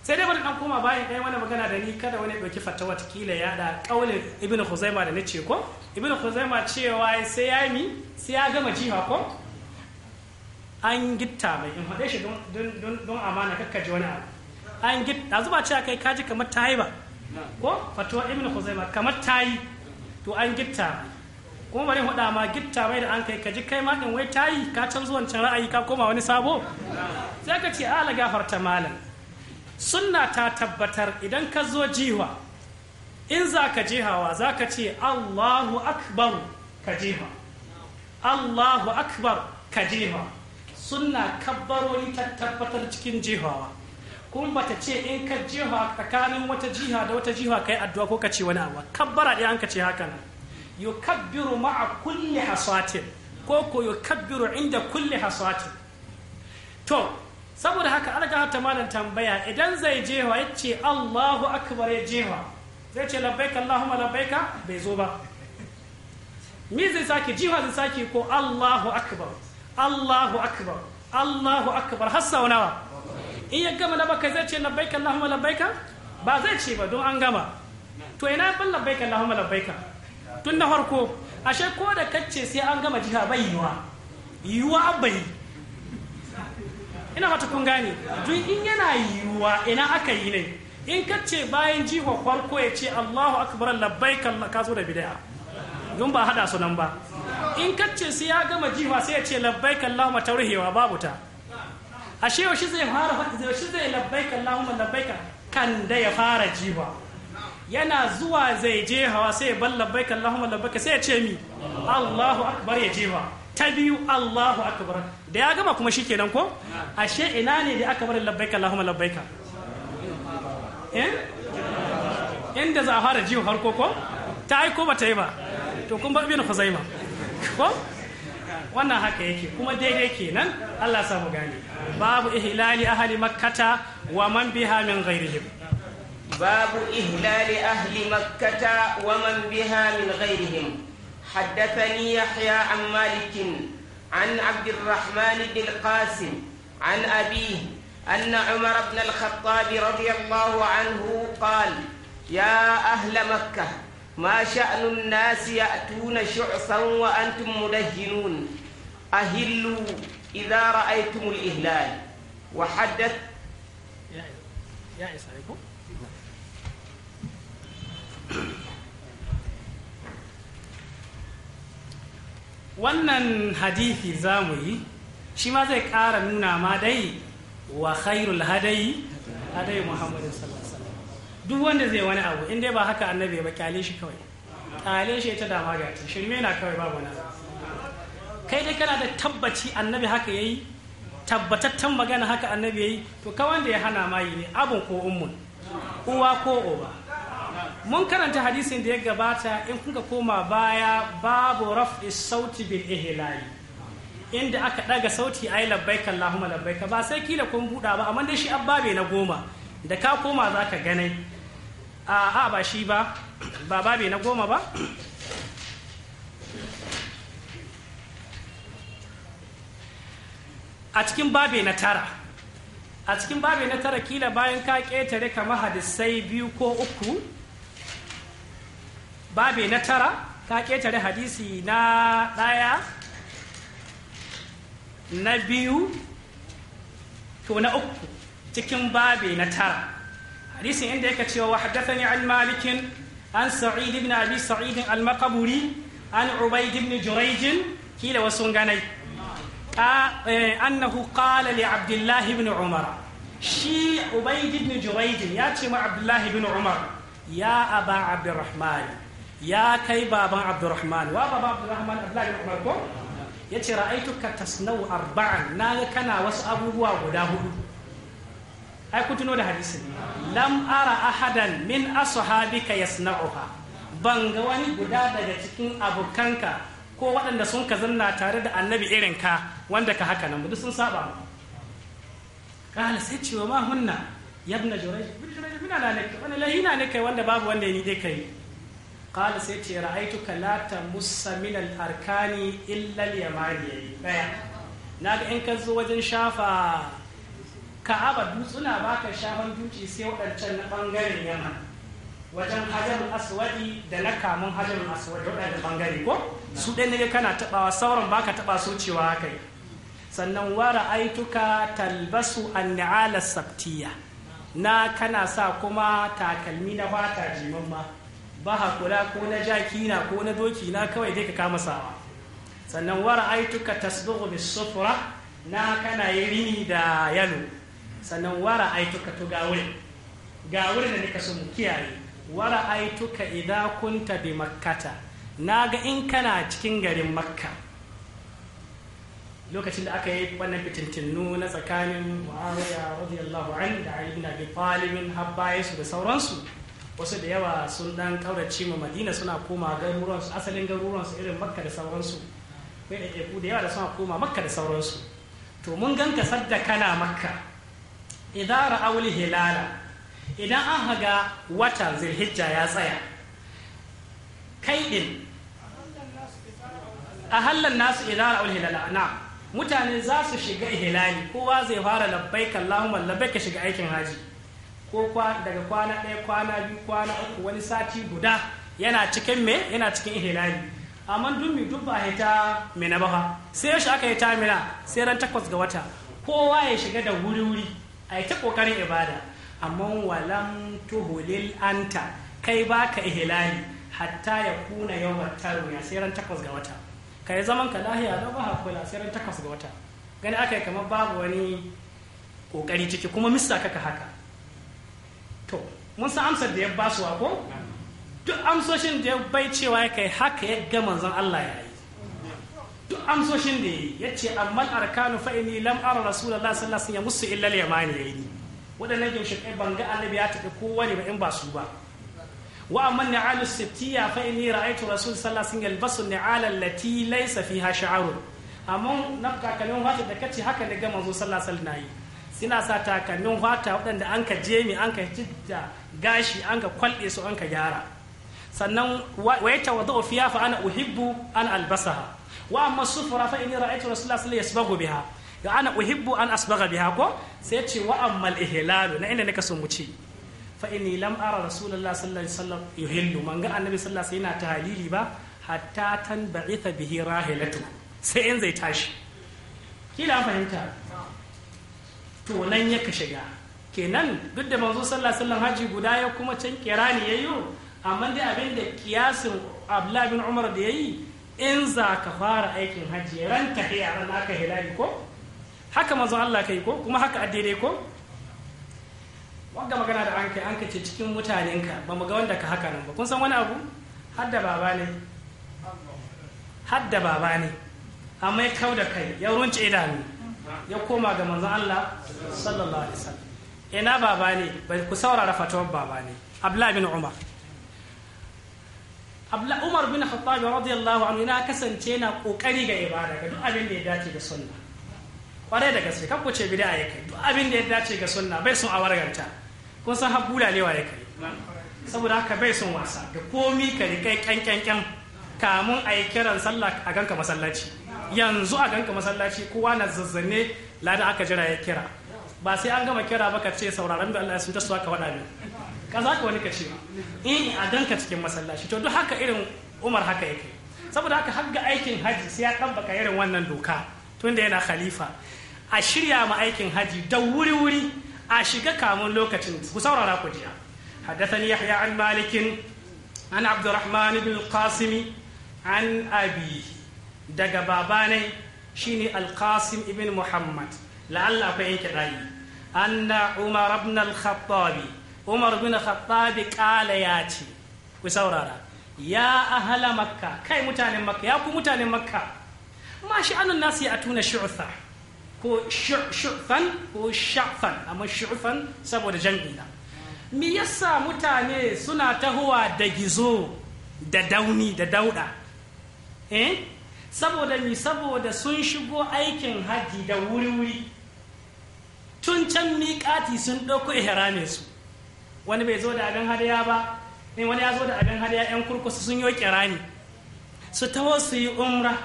sai dai bari dan koma bayan ɗaya wani magana da ni kada wani ɗauki fatawa kila ya da kaulin ibnu khuzaima da ce ko ibnu khuzaima cewa sai ya mi sai ya gama jiwa ko an gitta mai in faɗe shi don amana kakkaji wani abu an gitta zuba ce kai kaji kamar ta yi ba ko fatuwa ibn khuzaima kamar ta yi to an gitta kuma bari faɗa ma gitta mai da an kai kaji kai ma in wai ta yi ka zuwan wancan ra'ayi ka koma wani sabo sai ka ce ala gafarta malam sunna ta tabbatar idan ka zo jiwa in za ka jihawa za ka ce allahu akbar ka jiha allahu akbar ka jiha sunna kabbarori ta tabbatar cikin jihawa kuma ta ce in ka jiha tsakanin wata jiha da wata jiha yi addu'a ko ka ce wani abu kabbara ɗaya an ka ce haka nan yukabbiru ma'a kulle hasatin ko ko yukabbiru inda kulle hasatin to saboda haka an ga ta malam tambaya idan zai ya ce Allahu akbar ya jiha zai ce labbaika Allahumma labbaika bai zo ba me zai sake jiha zai sake ko Allahu akbar Allahu akbar Allahu akbar har sau nawa in ya gama na baka zai ce labbaika Allahumma labbaika ba zai ce ba don an gama to ina ban labbaika Allahumma labbaika tun na farko ashe ko da kacce sai an gama jiha bai yiwa yiwa abai ina mata kun gane duk in yana yiwa ina aka yi ne in kacce bayan jiha farko ya ce Allahu akbar labbaika ka zo da bid'a don ba hada su nan ba in kacce sai ya gama jifa sai ya ce labbaik Allahumma taurihewa babu ta ashe shi zai fara yaushe zai labbaik Allahumma labbaik kan da ya fara jifa yana zuwa zai je hawa sai ya bar labbaik Allahumma labbaik sai ya ce mi Allahu akbar ya jefa ta biyu Allahu akbar da ya gama kuma shikenan ko ashe ina ne da aka bar labbaik Allahumma labbaik eh inda za a fara jiwa harko ko ta yi ko ba ta yi ba to kun ba ibnu khuzaima ko wannan haka yake kuma daidai kenan Allah samu gani babu ihlali ahli makkata wa man biha min ghairihim babu ihlali ahli makkata wa man biha min ghairihim حدثني يحيى عن مالك عن عبد الرحمن بن القاسم عن أبيه أن عمر بن الخطاب رضي الله عنه قال يا أهل مكة ما شأن الناس يأتون شعثا وأنتم مدهنون أهلوا إذا رأيتم الإهلال وحدث يا wannan hadithi za mu yi shi ma zai ƙara nuna ma dai wa khairul hadayi hadayi sallallahu duk wanda zai wani abu in dai ba haka annabi ba kyale shi kawai kyale shi ta dama ga ta shirme na kawai babu na kai dai kana da tabbaci annabi haka yayi tabbatattan magana haka annabi yayi to ka wanda ya hana ma yi ne abun ko ummun uwa ko uba mun karanta hadisin da ya gabata in kuka koma baya babu raf'i sauti bil ihlali inda aka daga sauti ayi labbaik allahumma labbaik ba sai kila kun buda ba amma dai shi abba na goma da ka koma za ka ganai a a ba shi ba ba babi na goma ba a cikin babi na tara a cikin babi na tara kila bayan ka ƙetare kamar hadisai biyu ko uku babi na tara ka ƙetare hadisi na ɗaya na biyu ko na uku cikin babi na tara hadisin inda yake cewa haddathani an malikin an sa'id ibn abi sa'id al-maqburi an ubayd ibn jurayj kila wasu ganai annahu qala li abdullah ibn umar shi ubayd ibn jurayj ya ce ma abdullah ibn umar ya aba abdurrahman ya kai baban abdurrahman wa baba abdurrahman abdullah ibn umar ko yace ra'aytuka tasnau arba'an naga kana wasu abubuwa guda hudu ai ku tuno da hadisi lam ara ahadan min ashabika yasna'uha ban ga wani guda daga cikin abokanka ko waɗanda sun ka zanna tare da annabi irin ka wanda ka haka nan duk sun saba mu kala sai cewa ma hunna yabna jurai mina la nake wani lahina ne kai wanda babu wanda ni dai kai kala sai ce ra'aituka la tamussa min al-arkani illa al-yamani daya naga in ka zo wajen shafa ka'aba dutsuna ba ka shafan duci sai waɗancan na ɓangaren yamma wajen hajarun aswadi da na kamun hajarun aswadi waɗanda ɓangare ko su ɗaya ne kana taɓawa sauran ba ka taɓa so cewa haka yi sannan wara aituka talbasu anni'ala sabtiya na kana sa kuma takalmi na fata ma ba hakula ko na jaki na ko na doki na kawai dai ka kama sawa sannan wara aituka tasduqu bis sufra na kana yi rini da yalo sannan wara aituka to ga wurin ga wurin da nika so mu kiyaye wara aituka idza kunta bi makkata naga in kana cikin garin makka lokacin da aka yi wannan fitintinu na tsakanin muawiya radiyallahu an da ali ibn abi talib su da sauransu wasu da yawa sun dan kaurace ma madina suna koma garuruwan su asalin garuruwan su irin makka da sauransu kai da da yawa da suna koma makka da sauransu to mun ganka sadda kana makka idara auli hilala idan an haga wata zulhijja ya tsaya kai din a hallan nasu idara auli hilala na mutane za su shiga hilali kowa zai fara labbaik Allahumma labbaik shiga aikin haji ko daga kwana ɗaya kwana biyu kwana uku wani sati guda yana cikin me yana cikin hilali amma duk mi duk ba hita mina ba sai yaushe aka yi ta mina sai ran takwas ga wata kowa ya shiga da wuri wuri a yi ta ƙoƙarin ibada amma walam tuhulil anta kai ba ka ihilali hatta ya kuna yau taru ya sai ran takwas ga wata ka yi zaman ka lahiya don ba hakula sai ran takwas ga wata gani aka yi kamar babu wani ƙoƙari ciki kuma mista kaka haka to mun san amsar da ya su ko duk amsoshin da ya bai cewa ya kai haka ya ga manzon Allah ya duk amsoshin da ya yace ammal arkanu fa inni lam ara rasulullahi sallallahu alaihi wasallam musu illa al-yamani yayi wadannan ginshikai ban ga annabi ya tafi kowane ba in ba su ba wa amma ni'alu sittiya fa inni ra'aytu rasul sallallahu alaihi wasallam yalbasu ni'ala allati laysa fiha sha'arun amma na takalmin wata da kace haka ne ga manzo sallallahu alaihi wasallam sa takalmin wata waɗanda an ka jemi an ka jidda gashi an ka kwalɗe su an ka gyara sannan wa yatawaddu fiha fa ana uhibbu an albasaha wa amma sufura fa inni ra'aytu rasulullahi sallallahu alaihi wasallam yasbagu biha ya ana uhibbu an asbaga biha ko sai ce wa amma al-ihlalu na inda nika son mu ce fa inni lam ara rasulullahi sallallahu alaihi wasallam yuhillu man ga annabi sallallahu alaihi wasallam yana tahlili ba hatta tan tanba'itha bihi rahilatu sai in zai tashi kila fahimta to nan ya ka shiga kenan duk da manzo sallallahu alaihi wasallam haji guda ya kuma can kirani yayyo amma dai abin da kiyasin Abdullah bin Umar da yayi in za ka fara aikin hajji ran tahiya ran aka hilali ko haka mazan Allah kai ko kuma haka addinai ko wanda magana da an kai an kace cikin mutanenka ba mu ga wanda ka haka nan ba kun san wani abu hadda baba ne hadda baba ne amma ya kau da kai ya runce idanu ya koma ga manzon Allah sallallahu alaihi wasallam ina baba ne ku saurara fatawar baba ne Abdullahi bin Umar abla umar bin khattab radiyallahu anhu kasance na kokari ga ibada ga duk abin da ya dace ga sunna kwarai da gaske kakko ce bid'a ya kai duk abin da ya dace ga sunna bai sun awarganta kun san habbula lewa ya kai saboda haka bai sun wasa da komi ka rikai kan kamun a yi kiran sallah a ganka masallaci yanzu a ganka masallaci kowa na zazzane lada aka jira ya kira ba sai an gama kira ba ka ce sauraron da Allah ya sun tasowa ka wada min ka za ka wani kashe ma in eh, a danka cikin masallaci to duk haka irin umar haka yake saboda haka har ga aikin haji sai ya ɗabbaka irin wannan doka tunda yana khalifa a shirya ma aikin haji da wuri-wuri a shiga kamun lokacin ku saurara ku jiya حدثني يحيى عن مالك عن عبد الرحمن بن القاسم عن daga babanai shine alqasim ibn muhammad la'alla akwai yanke rayi anna umar ibn al-khattabi umar bin khattabi kala ya ce ku saurara ya ahala makka kai mutanen makka ya ku mutanen makka ma anan nasu a atuna shu'fa ko shu'fan ko sha'fan amma shu'fan saboda jan'ina me yasa mutane suna tahowa da gizo da dauni da dauda eh saboda ni saboda sun shigo aikin haji da wuri-wuri tun can miƙati sun ɗauko ihramin su wani bai zo da abin hadaya ba in wani ya zo da abin hadaya yan kurkusa sun yi kirani su taho su yi umra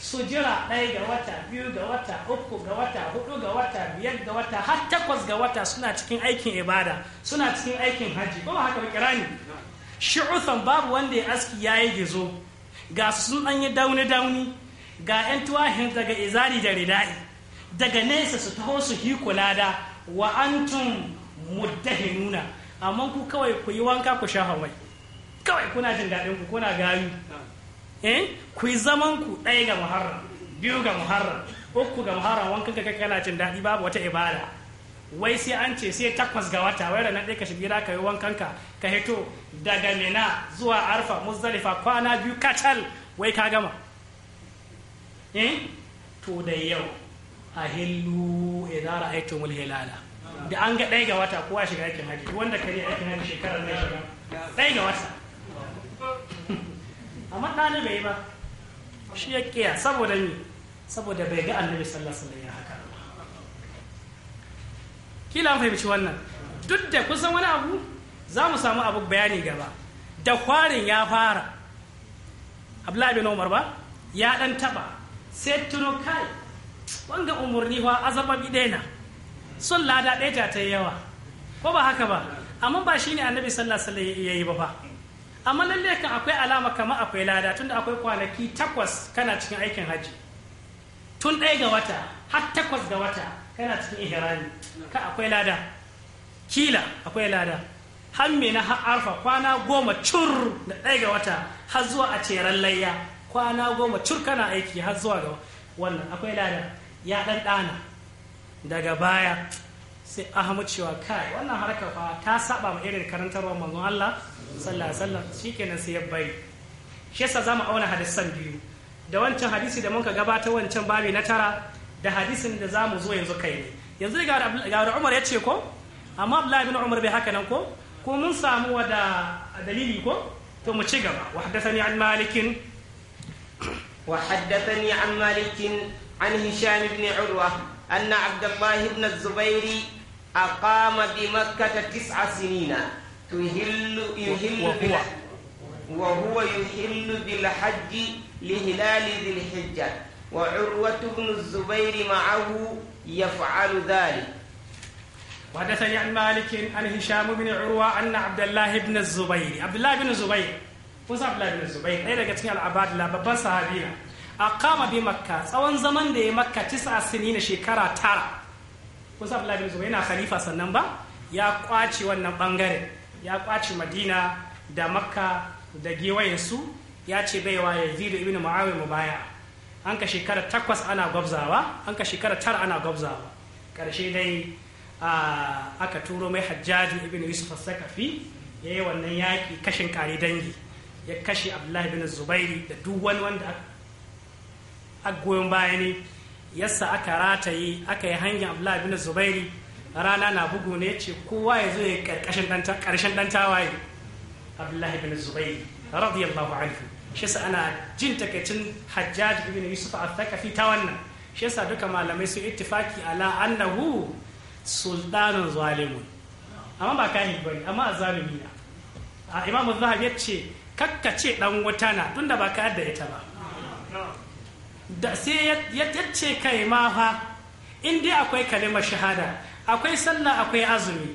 su jira ɗaya ga wata biyu ga wata uku ga wata hudu ga wata biyar ga wata har takwas ga wata suna cikin aikin ibada suna cikin aikin Ko ba haka ne? kirani shi'utan babu wanda ya aski ya yi gizo ga su sun ɗan yi dauni dauni ga 'yan tuwahin daga izari da rida'i daga nesa su taho su hikulada wa antum muddahinuna amma ku kawai ku yi wanka ku sha hawai kawai kuna jin daɗin ku kuna gayu eh ku yi zaman ku ɗaya ga muharram biyu ga muharram uku ga muharram wankan ka kana jin daɗi babu wata ibada wai sai an ce sai takwas ga wata wai ranar ɗaya ka shiga gida ka yi wankan ka ka hito daga mina zuwa arfa muzdalifa kwana biyu kacal wai ka gama eh to da yau a hillu idara aitumul hilala da an ga ɗaya ga wata kowa shiga aikin haji wanda ka yi aikin haji shekarar mai shiga ɗaya ga wata (laughs) amma yi ba shi ya kiya saboda ni saboda bai ga annabi sallallahu alaihi wasallam ya haka kila an fahimci wannan duk da kusan wani abu za mu samu abu bayani gaba da kwarin ya fara abdullahi bin umar ba ya dan taba sai tuno kai wanga umurni fa azababi daina son lada ɗaya ta ta yawa ko ba haka ba amma ba shine annabi sallallahu alaihi wasallam yayi ba ba amma lalle kan akwai alama kamar akwai lada tunda akwai kwanaki takwas kana cikin aikin haji tun ɗaya ga wata har takwas ga wata kana cikin ihrami ka akwai lada kila akwai lada har me na har arfa kwana goma cur da ɗaya ga wata har zuwa a ceren layya kwana goma cur kana aiki har zuwa ga wannan akwai lada ya ɗan ɗana daga baya sai ahmad cewa kai wannan harka fa ta saba ma irin karantarwa manzon Allah sallallahu alaihi wasallam shikenan sai ya bari shi yasa zamu auna hadisan biyu da wancan hadisi da muka gabata wancan babi na tara da hadisin da zamu zo yanzu kai ne yanzu ga Umar ya ce ko amma Abdullahi ibn Umar bai haka nan ko ko mun samu wada dalili ko to mu ci gaba wa haddathani an malikin wa haddathani an malikin an hisham ibn urwa أن عبد الله بن الزبير أقام بمكة تسع سنين تهل يهل وهو, وهو يهل بالحج لهلال ذي الحجة وعروة بن الزبير معه يفعل ذلك وحدثني عن مالك عن هشام بن عروة أن عبد الله بن الزبير عبد الله بن الزبير وصف عبد الله بن الزبير أين قد العباد لا بابا صحابينا A kama bi makka tsawon zaman da ya makka tis'a na shekara tara kusa Abdullahi bin yana khalifa sannan ba ya kwace wannan bangare ya kwace Madina da Makka da gewayensu. ya ce baiwa da ibn mu baya? an ka shekara takwas ana gwabzawa an ka shekara tara ana gwabzawa karshe dai aka turo mai hajjaji ibn Yusuf Sakafi yi wannan yaki kashin kare dangi ya kashe Abdullahi bin Zubairi da duk wani wanda a goyon baya ne yasa aka rataye aka yi hanyar abdullahi bin zubairi rana na bugu ne ce kowa ya zo ya karshen dan tawaye abdullahi bin zubairi radiyallahu anhu shi sa ana jin takaicin hajjaj ibn yusuf al-thaqafi ta wannan shi sa duka malamai su ittifaki ala annahu sultanun zalimun amma ba kahin bane amma azalimi ne imamu zahabi ya ce kakkace dan wuta na tunda ba ka yadda ita ba da sai ya ce kai ma fa in dai akwai kalimar shahada akwai sallah akwai azumi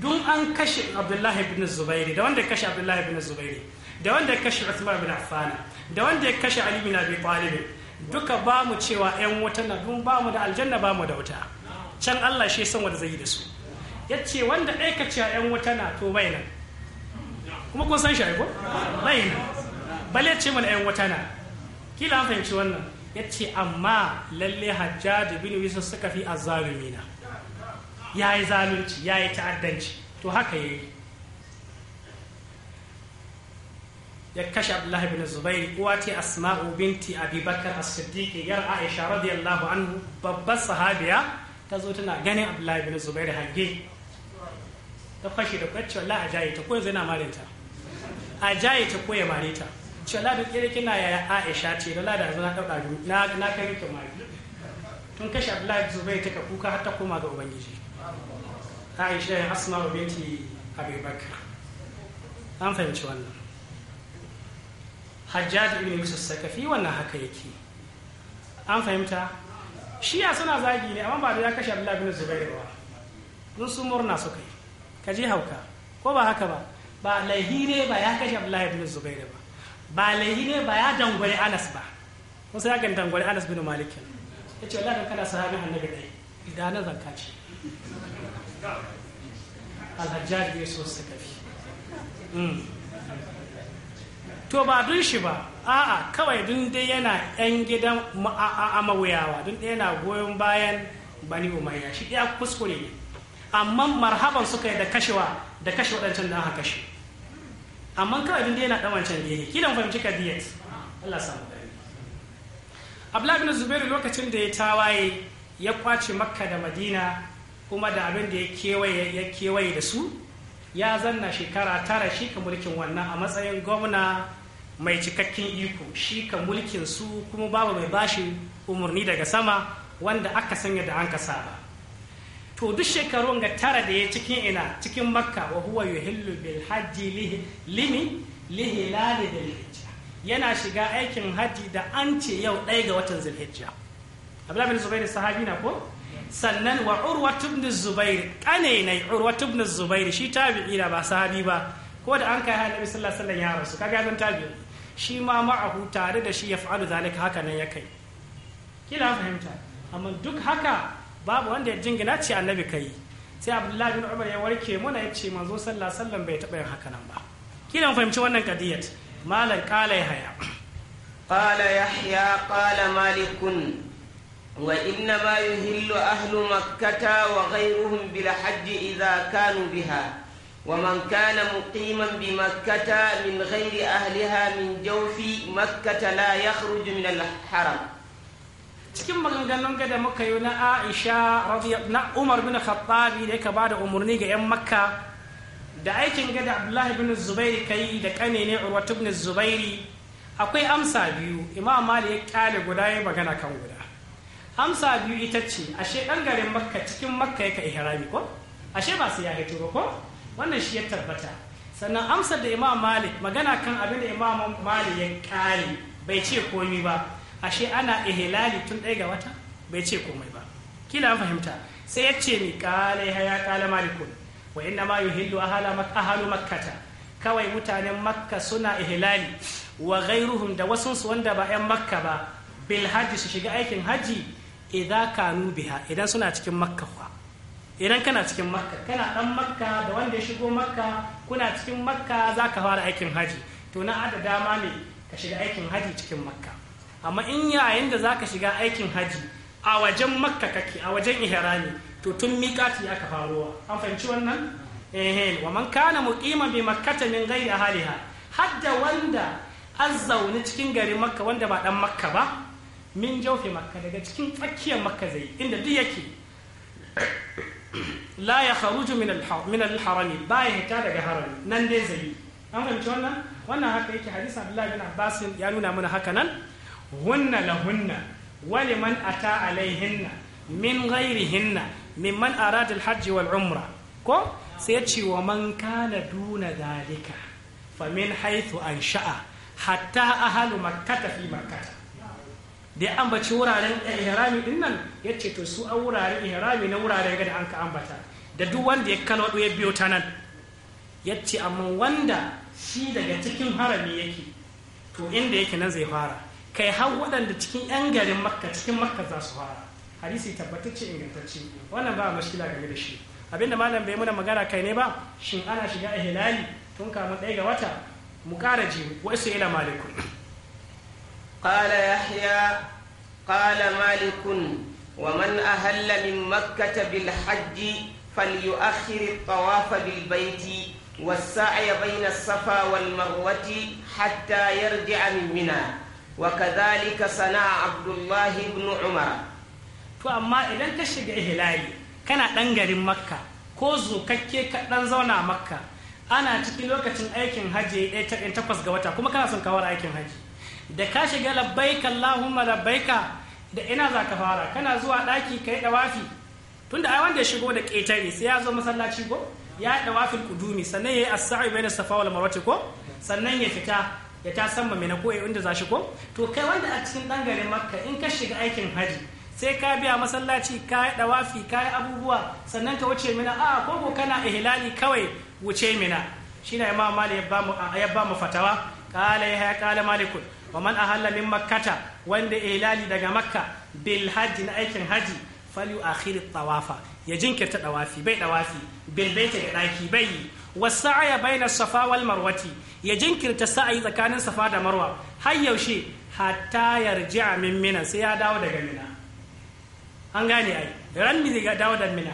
dun an kashe abdullahi ibn zubairi da wanda kashe abdullahi ibn zubairi da wanda kashe usman ibn affan da wanda ya kashe ali ibn abi talib duka ba mu cewa yan wuta na dun ba mu da aljanna ba mu da wuta can Allah shi san wanda zai yi da su yace wanda aika cewa yan wuta na to bai nan kuma kun san shi ai ko bai nan bale ce mana yan wuta na kila an fahimci wannan ya ce amma lalle hajjaji bin yusuf suka fi azzalumi na ya yi zalunci ya yi ta'addanci to haka ya yi ya kashe abdullahi bin zubairi uwa ce asma'u binti abubakar as-siddiqi yar aisha radiyallahu anhu babbar sahabiya ta zo tana ganin abdullahi bin zubairi hange ta fashe da kwacce wallahi ajayi ta ko zai na marinta ajayi ta ko ya mare ta ce la da kire kina ya Aisha ce da la da zan dauka na na kai miki magi tun kashe Abdullahi Zubair take kuka har ta koma ga ubangiji Aisha ya asma wa binti Abi Bakr an fahimci wannan Hajjaj ibn Yusuf Sakafi wannan haka yake an fahimta shiya suna zagi ne amma ba da ya kashe Abdullahi ibn Zubair ba dun su murna suka yi je hauka ko ba haka ba ba laihi ne ba ya kashe Abdullahi ibn Zubair ba ba laihi ne ba ya dangwari anas ba wasu ya kan dangwari anas bin malik ya ce wallahi kana sahabi annabi dai idan na zanka ce alhajjaj bai so su kafi hmm. to ba dun shi ba a'a kawai dun dai yana yan gidan amawuyawa dun dai yana goyon bayan bani umayya shi ya kuskure ne amma marhaban suka yi da kashewa da kashe waɗancan da aka kashe amma kawai abin da yana da wancan da yake kidan fahimci diyet Allah samu gari ibn Zubair lokacin da ya tawaye ya kwace Makka da Madina kuma da abin da ya kewaye ya kewaye da su ya zanna shekara tara shi ka mulkin wannan a matsayin gwamna mai cikakken iko shi ka mulkin su kuma babu mai bashi umarni daga sama wanda aka sanya da an ka ba. to duk shekarun ga tara da ya cikin ina cikin makka wa huwa yuhillu bil hajji limi lihilali da lihijja yana shiga aikin hajji da an ce yau ɗaya ga watan zulhijja abdullahi bin Zubairu sahabi na ko sannan wa urwa tubni zubairu ƙane ne urwa tubni zubairu shi tabi'i da ba sahabi ba ko da an kai hali sallallahu alaihi sallan ya rasu kaga zan tabi'i shi ma ma'ahu tare da shi ya fa'alu zalika haka nan ya kai kila fahimta amma duk haka babu wanda ya jingina ce annabi kai sai abdullahi bin umar ya warke mana ya ce manzo sallah sallan bai taɓa yin haka nan ba kila mu fahimci wannan kadiyat malam kala ya haya qala yahya qala malikun wa inna ma yuhillu ahlu makkata wa ghayruhum bil hajji idza kanu biha ومن كان مقيما بمكة من غير أهلها من جوف مكة لا يخرج من الحرم cikin maganganun da muka yi na aisha na umar bin khattabi da yake ba da umarni ga 'yan makka da aikin gada abdullahi bin zubairi kai da kane ne urwatu bin zubairi akwai amsa biyu imam mali ya kyale guda ya magana kan guda amsa biyu ita ce ashe dan garin makka cikin makka yake ihrami ko ashe ba sai ya hito ba ko wannan shi ya tabbata sannan amsar da imam malik magana kan abin da imam malik ya kyale bai ce komi ba ashe ana ihlali tun ɗaya ga wata bai ce komai ba kila an fahimta sai ya ce ni kale ya kala malikun wa inna ma yuhillu ahalu makkata kawai mutanen makka suna ihlali wa ghairuhum da wasu su wanda ba yan makka ba bil hajji su shiga aikin haji idan kanu biha idan suna cikin makka kwa idan kana cikin makka kana dan makka da wanda ya shigo makka kuna cikin makka zaka fara aikin haji to na ada dama ne ka shiga aikin haji cikin makka amma in yayin da zaka shiga aikin haji a wajen makka kake a wajen ihrami to tun miqati aka faruwa an fahimci wannan eh wa man kana muqima bi makkata min ghairi ahliha hadda wanda azzauni cikin garin makka wanda ba dan makka ba min jawfi makka daga cikin tsakiyar makka zai inda duk yake la ya kharuju min al al-haram ba ya hita daga harami nan dai zai an fahimci wannan wannan haka yake hadisi Abdullahi bin Abbas ya nuna mana haka nan hunna lahunna wali man ata alaihinna min ghairihinna man aradil hajji wal umra ko sai ce wa man kana duna zalika fa min haythu an sha'a hatta ahalu makkata fi makkata da ya ambaci wuraren ihrami din nan yace to su a wuraren ihrami na wuraren ga da an ka ambata da duk wanda ya kalwado ya biyo ta nan yace amma wanda shi daga cikin harami yake to inda yake nan zai fara kai har waɗanda cikin 'yan garin makka cikin makka za su fara hadisi tabbatacce ingantacce wannan ba mashkila game da shi abinda malam bai muna magana kai ne ba shin ana shiga a hilali tun kama ɗaya ga wata mu ƙara ji wasu ila maliku qala yahya qala malikun wa man ahalla min makkata bil hajji falyuakhir at-tawaf bil baiti was-sa'ya bayna as-safa wal hatta yarji'a min mina وكذلك sana'a عبد Abdullahi بن to amma idan ka shiga ihlali kana ɗan garin makka ko zukakke ka ɗan zauna makka ana cikin lokacin aikin hajji ɗaya takwas ga wata kuma kana son kawar aikin hajji da ka shiga labbaika Allahumma labbaika da ina za ka fara kana zuwa ɗaki ka yi ɗawafi tunda ai wanda ya shigo da ƙetare sai ya zo masallaci ko ya yi ɗawafin kudumi sannan ya yi as-sa'i bayna safa wal marwa ko sannan ya fita ya ta san mai na koyi inda za shi ko to kai wanda a cikin dan garin makka in ka shiga aikin haji sai ka biya masallaci ka yi dawafi ka yi abubuwa sannan ka wuce mina a ko ko kana ihlali kawai wuce mina shine imam malik ya ba mu ya ba mu fatawa qala ya qala malik wa man ahalla min makkata wanda ihlali daga makka bil haji na aikin haji falyu akhir tawafa ya jinkirta dawafi bai dawafi bil baita ga daki bai wasa'aya bayna safa wal marwati ya jinkirta sa'ayi tsakanin safa da marwa har yaushe hatta yarji'a min mina sai ya dawo daga mina an gane ai ran mi ga dawo da mina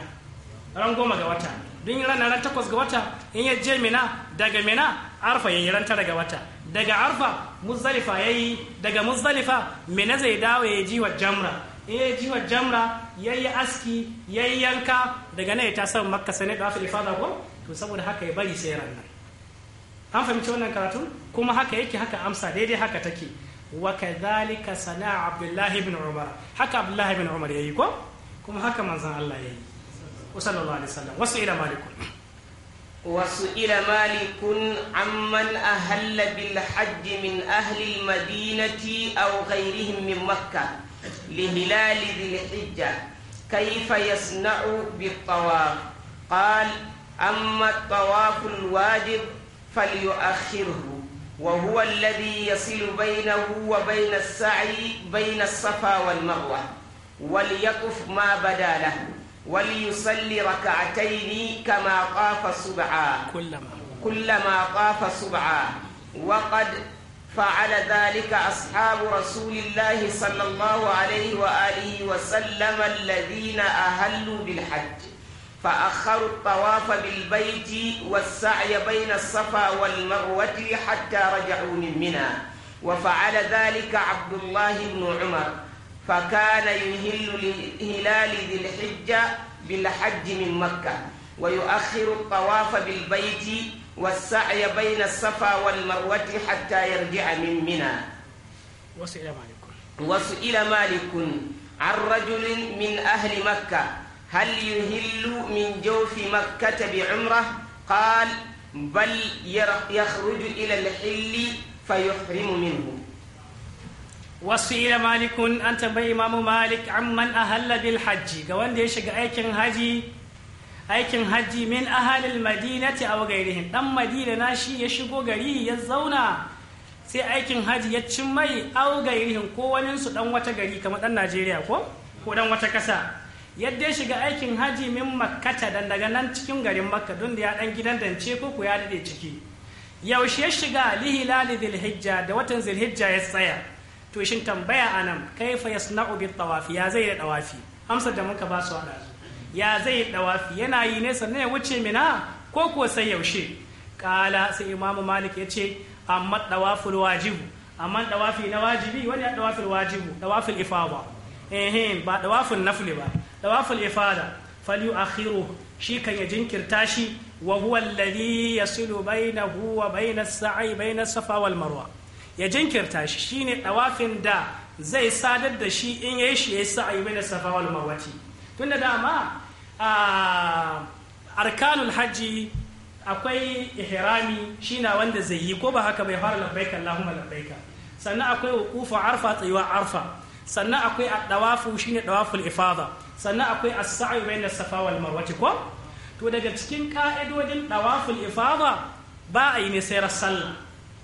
ran goma ga wata don ran ran takwas ga wata in ya je mina daga mina arfa yi ran tara ga wata daga arfa muzdalifa yi, daga muzdalifa mina zai dawo ya ji wa jamra in ya ji wa jamra ya yi aski ya yi yanka daga nan ya ta san makka sai ne da afi ifada ko to saboda haka ya bari sai ranar an fahimci wannan karatun kuma haka yake haka amsa daidai haka take wa kadhalika sana abdullahi ibn umar haka abdullahi ibn umar yayi ko kuma haka manzon Allah yayi sallallahu alaihi wasallam wasu ila malikun wasu ila malikun amman ahalla bil hajj min ahli al madinati aw ghayrihim min makkah li hilal dhil hijja kayfa yasna'u bit tawaf qala أما الطواف الواجب فليؤخره وهو الذي يصل بينه وبين السعي بين الصفا والمروة وليقف ما بدا له وليصلي ركعتين كما طاف سبعا كلما كلما طاف سبعا وقد فعل ذلك أصحاب رسول الله صلى الله عليه وآله وسلم الذين أهلوا بالحج فأخروا الطواف بالبيت والسعي بين الصفا والمروة حتى رجعوا من منى وفعل ذلك عبد الله بن عمر فكان يهل لهلال ذي الحجة بالحج من مكة ويؤخر الطواف بالبيت والسعي بين الصفا والمروة حتى يرجع من منى وسئل مالك وسئل مالك عن رجل من أهل مكة هل يهل من جوف مكة بعمرة قال بل يخرج إلى الحل فيحرم منه وسئل مالك أن تبي إمام مالك عمن أهل بالحج قوان ديش أيكن هاجي aikin hajji min ahalil madinati aw gairihin dan madina na shi ya shigo gari ya zauna sai aikin hajji ya cin mai aw gairihin ko wani dan wata gari kamar dan Najeriya ko ko dan wata kasa yadda ya shiga aikin haji min makkata dan daga nan cikin garin makka don da ya dan gidan dance ko ku ya dade ciki yaushe ya shiga lihilali dhilhijja da watan zilhijja ya tsaya to shin tambaya anan fa yasna'u bit tawafi ya zai da tawafi amsar da muka ba su a ya zai da tawafi yana yi ne sannan ya wuce mina ko ko sai yaushe kala sai imamu malik ya ce amma tawaful wajibu amma tawafi na wajibi wani ya wajibu tawafil ifada eh ba tawafin nafli ba tawaful ifada falyu'akhiruhu shi kan ya jinkirta shi wa huwa alladhi yasilu bainahu wa bainas sa'i bainas safa ya jinkirta shi shine dawafin da zai sadar da shi in yayi shi yayi sa'i bainas safa wal marwati tunda dama a arkanul hajji akwai ihrami shina wanda zai yi ko ba haka bai fara labbaika allahumma labbaika sannan akwai wuqufu arfa tsayuwa arfa sannan akwai dawafu shine dawaful ifada sannan akwai as-sa'i bayna safa wal marwa ko to daga cikin ka'idodin dawaful ifada ba a yi ne sai sallah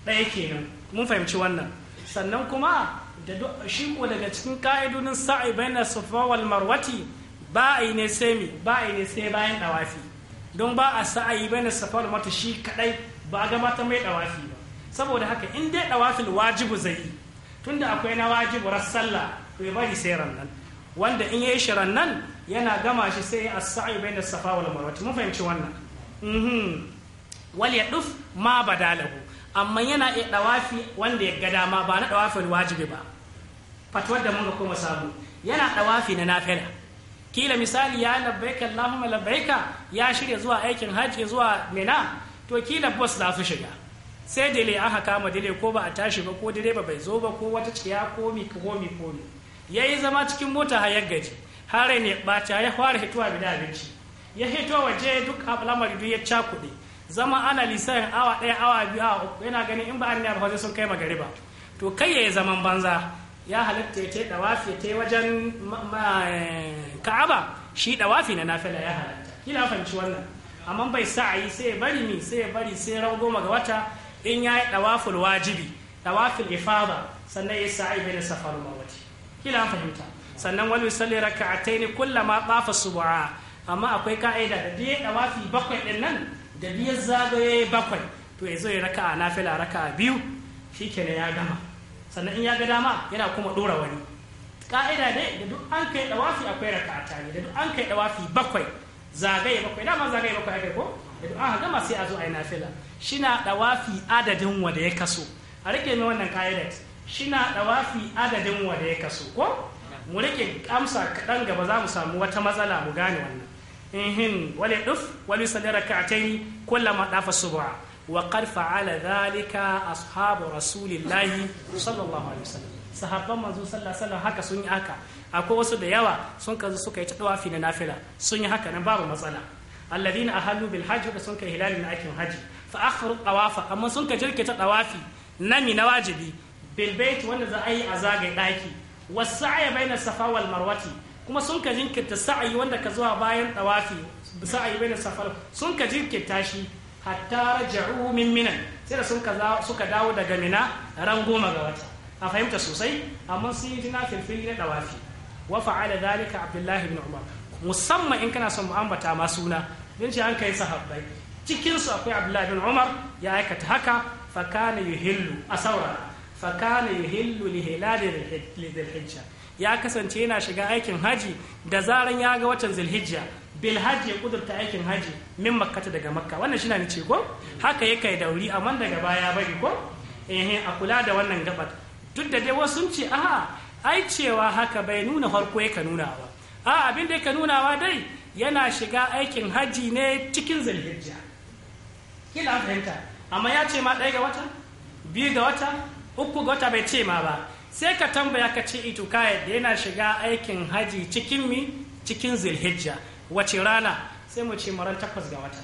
ɗaya kenan mun fahimci wannan sannan kuma da shi ko daga cikin ka'idodin sa'i bayna safa wal marwati ba a yi ne sai mi ba a yi ne sai bayan ɗawafi don ba a sa'ayi bayna safa wal marwa shi kadai ba a gabatar mai ɗawafi ba saboda haka in dai dawafil wajibu zai yi tunda akwai na wajibu ras sallah to ya bari sai nan wanda in ya yi shirin nan yana gama shi sai a sa'ayi bai da safa wal marwa mun fahimci wannan mhm. Wal ya ɗuf ma badalahu amma yana iya dawafi wanda ya ga dama ba na dawafin wajibi ba fatuwar da mun koma sabu yana ɗawafi na nafila kila misali ya labbaika allahumma labbaika ya shirya zuwa aikin hajji zuwa mina to kila bus za su shiga sai dai aka kama dai ko ba a tashi ba ko direba bai zo ba ko wata ciya komi komi komi ya yi zama cikin mota hayar gaji hare ne ɓaca ya fara hituwa bi da abinci ya hito waje duk al'amari duk ya cakuɗe zama ana lisan awa ɗaya awa biyu awa uku yana ganin in ba an ba sai sun kai ba to kai ya yi zaman banza ya halitta ya tai dawafi ta yi wajen eh, ka'aba shi dawafi na nafila ya halitta. kila fahimci wannan amma bai sa a yi sai ya bari mi sai ya bari sai ran goma ga wata in ya yi ɗawafin wajibi ɗawafin ifaba, sannan ya sa yi bai da safarin mawati kila an fahimta sannan taini kulla ma kullama su ba'a amma akwai ka'ida da da wafi bakwai din nan da biye zagaye bakwai to yazo ya a nafila a biyu shikenan ya gama sannan in ya ga dama yana kuma dora wani ka'ida dai da duk an kai da wafi akwai a tani da duk an kai da wafi bakwai zagaye bakwai dama zagaye bakwai aka ko da duk an gama sai a zo a yi nafila shi na da wafi adadin wanda ya kaso a rike mai wannan ka'idar shina dawafi adadin wanda ya kaso ko mu rike amsa kaɗan gaba za mu samu wata matsala mu gane wannan inhin wale duf wale sali raka'atayn kullama dafa subha wa qad fa'ala dhalika ashabu rasulillahi sallallahu alaihi wasallam sahabban manzo sallallahu alaihi haka sun yi haka akwai wasu da yawa sun kazu suka yi na nafila sun yi haka nan babu matsala alladhina ahallu bil hajj da sun kai hilalin aikin haji fa akhru tawafa amma sun ka jirkita dawafi nami na wajibi bilbait wanda za a yi a zagaye ɗaki wasu aya bainar safa wal marwati kuma sun ka jinkirta sa'ayi wanda ka zuwa bayan tawafi sa'ayi safa sun ka jinkirta shi hatta raja'u min minan sai da suka dawo daga mina ran goma ga wata a fahimta sosai amma sun yi jina filfili na ɗawafi wa fa'ala dalika abdullahi ibn umar musamman in kana son mu ambata ma suna bin shi an kai sahabbai cikin su akwai abdullahi ibn umar ya aikata haka fa kana yuhillu a saurara fakana yuhillu li hilali ya kasance yana shiga aikin haji da zaran ya ga watan zulhijja bil haji ya kudurta aikin haji min makkata daga makka wannan shi na ni ce ko haka ya kai dauri amma daga baya bari ko eh a kula da wannan gabat duk da dai wasu ce aha ai cewa haka bai nuna farko ya ka nuna ba a abin da ya ka nuna wa dai yana shiga aikin haji ne cikin zulhijja kila fahimta amma ya ce ma ɗaya ga wata biyu ga wata uku ga wata bai ce ma ba sai ka tambaya ka ce ito ituka yadda yana shiga aikin haji cikin mi cikin zilhijja wace rana sai mu ce maran takwas ga wata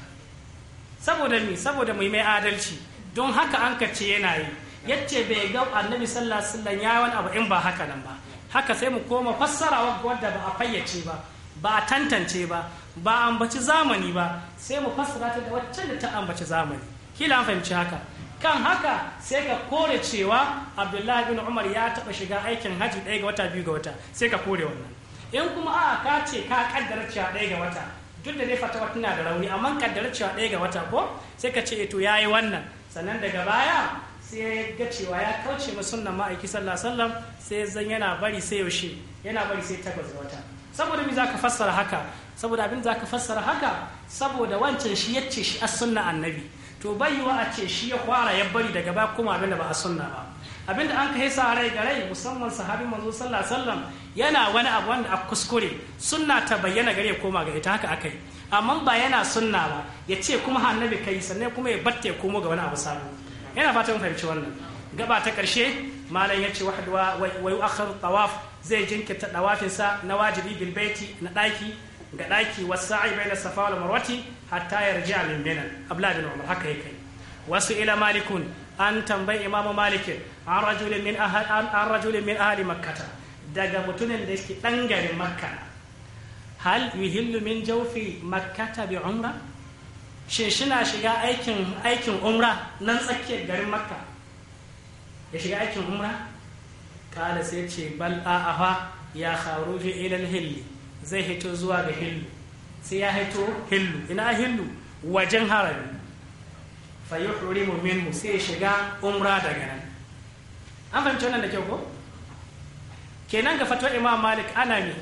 saboda mi saboda mu yi mai adalci don haka an ka ce yana yi yace bai ga annabi sallallahu alaihi wasallam ya wani abu in ba haka nan ba haka sai mu koma fassara wadda ba a fayyace ba ba a tantance ba ba a ambaci zamani ba sai mu fassara ta da waccan da ta ambaci zamani kila an fahimci haka kan haka sai ka kore cewa abdullahi bin umar ya taɓa shiga aikin hajji ɗaya ga wata biyu ga wata sai ka kore wannan in kuma a ka ce ka kaddara cewa ɗaya ga wata duk da dai fatawa tana da rauni amma kaddara cewa ɗaya ga wata ko sai ka ce eh, to ya yi wannan sannan daga baya sai ya ga cewa ya kauce ma sunnan ma'aiki sallallahu alaihi sai zan yana bari sai yaushe yana bari sai takwas ga wata saboda za zaka fassara haka saboda abin zaka fassara haka saboda wancan shi yace shi as sunna annabi to bai a ce shi ya kwara ya bari daga ba kuma abinda ba a sunna ba abinda an kai sa rai ga rai musamman sahabi manzo sallallahu alaihi wasallam yana wani abu wanda a kuskure sunna ta bayyana gare ya koma ga ita haka akai amma ba yana sunna ba ya ce kuma annabi kai sannan kuma ya batte komo ga wani abu sabo yana fatan fahimci wannan gaba ta karshe malam ya ce wahdwa wa yu'akhkharu tawaf zai jinkirta sa na wajibi bil baiti na daki ga daki wasa'i bayna safa wal marwati hatta yarji'a min mina abla bin umar haka kai wasu ila malikun an tambayi imam malikin an rajulin min min daga mutumin da yake ɗan garin makka hal yuhillu min jawfi makkah bi umra shin shina shiga aikin aikin umra nan tsakiyar garin makka ya shiga aikin umra kala sai ce bal a'a ya kharuju ila al-hilli zai hito zuwa ga hillu sai ya hito hillu ina hillu wajen harami fa yuhrimu minhu sai shiga umra daga nan an fahimci wannan da kyau ko kenan ga fatwa imam malik ana ne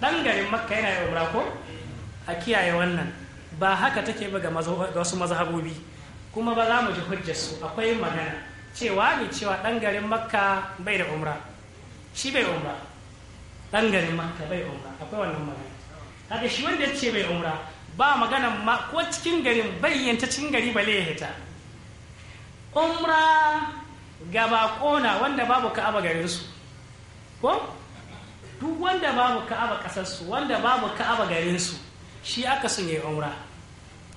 dan hmm? garin makka yana yin umra ko a kiyaye wannan ba haka take ba ga wasu mazhabobi kuma ba za mu ji hujjarsu akwai magana cewa ne cewa ɗan garin makka bai da umra shi bai umra dan garin makka bai umra akwai wannan magana kaga shi wanda ya ce bai umra ba magana ma ko cikin garin bayyanta cikin gari ba ya hita umra ga baƙona wanda babu ka'aba garin su ko duk wanda babu ka'aba kasar su wanda babu ka'aba garin su shi aka sun yi umra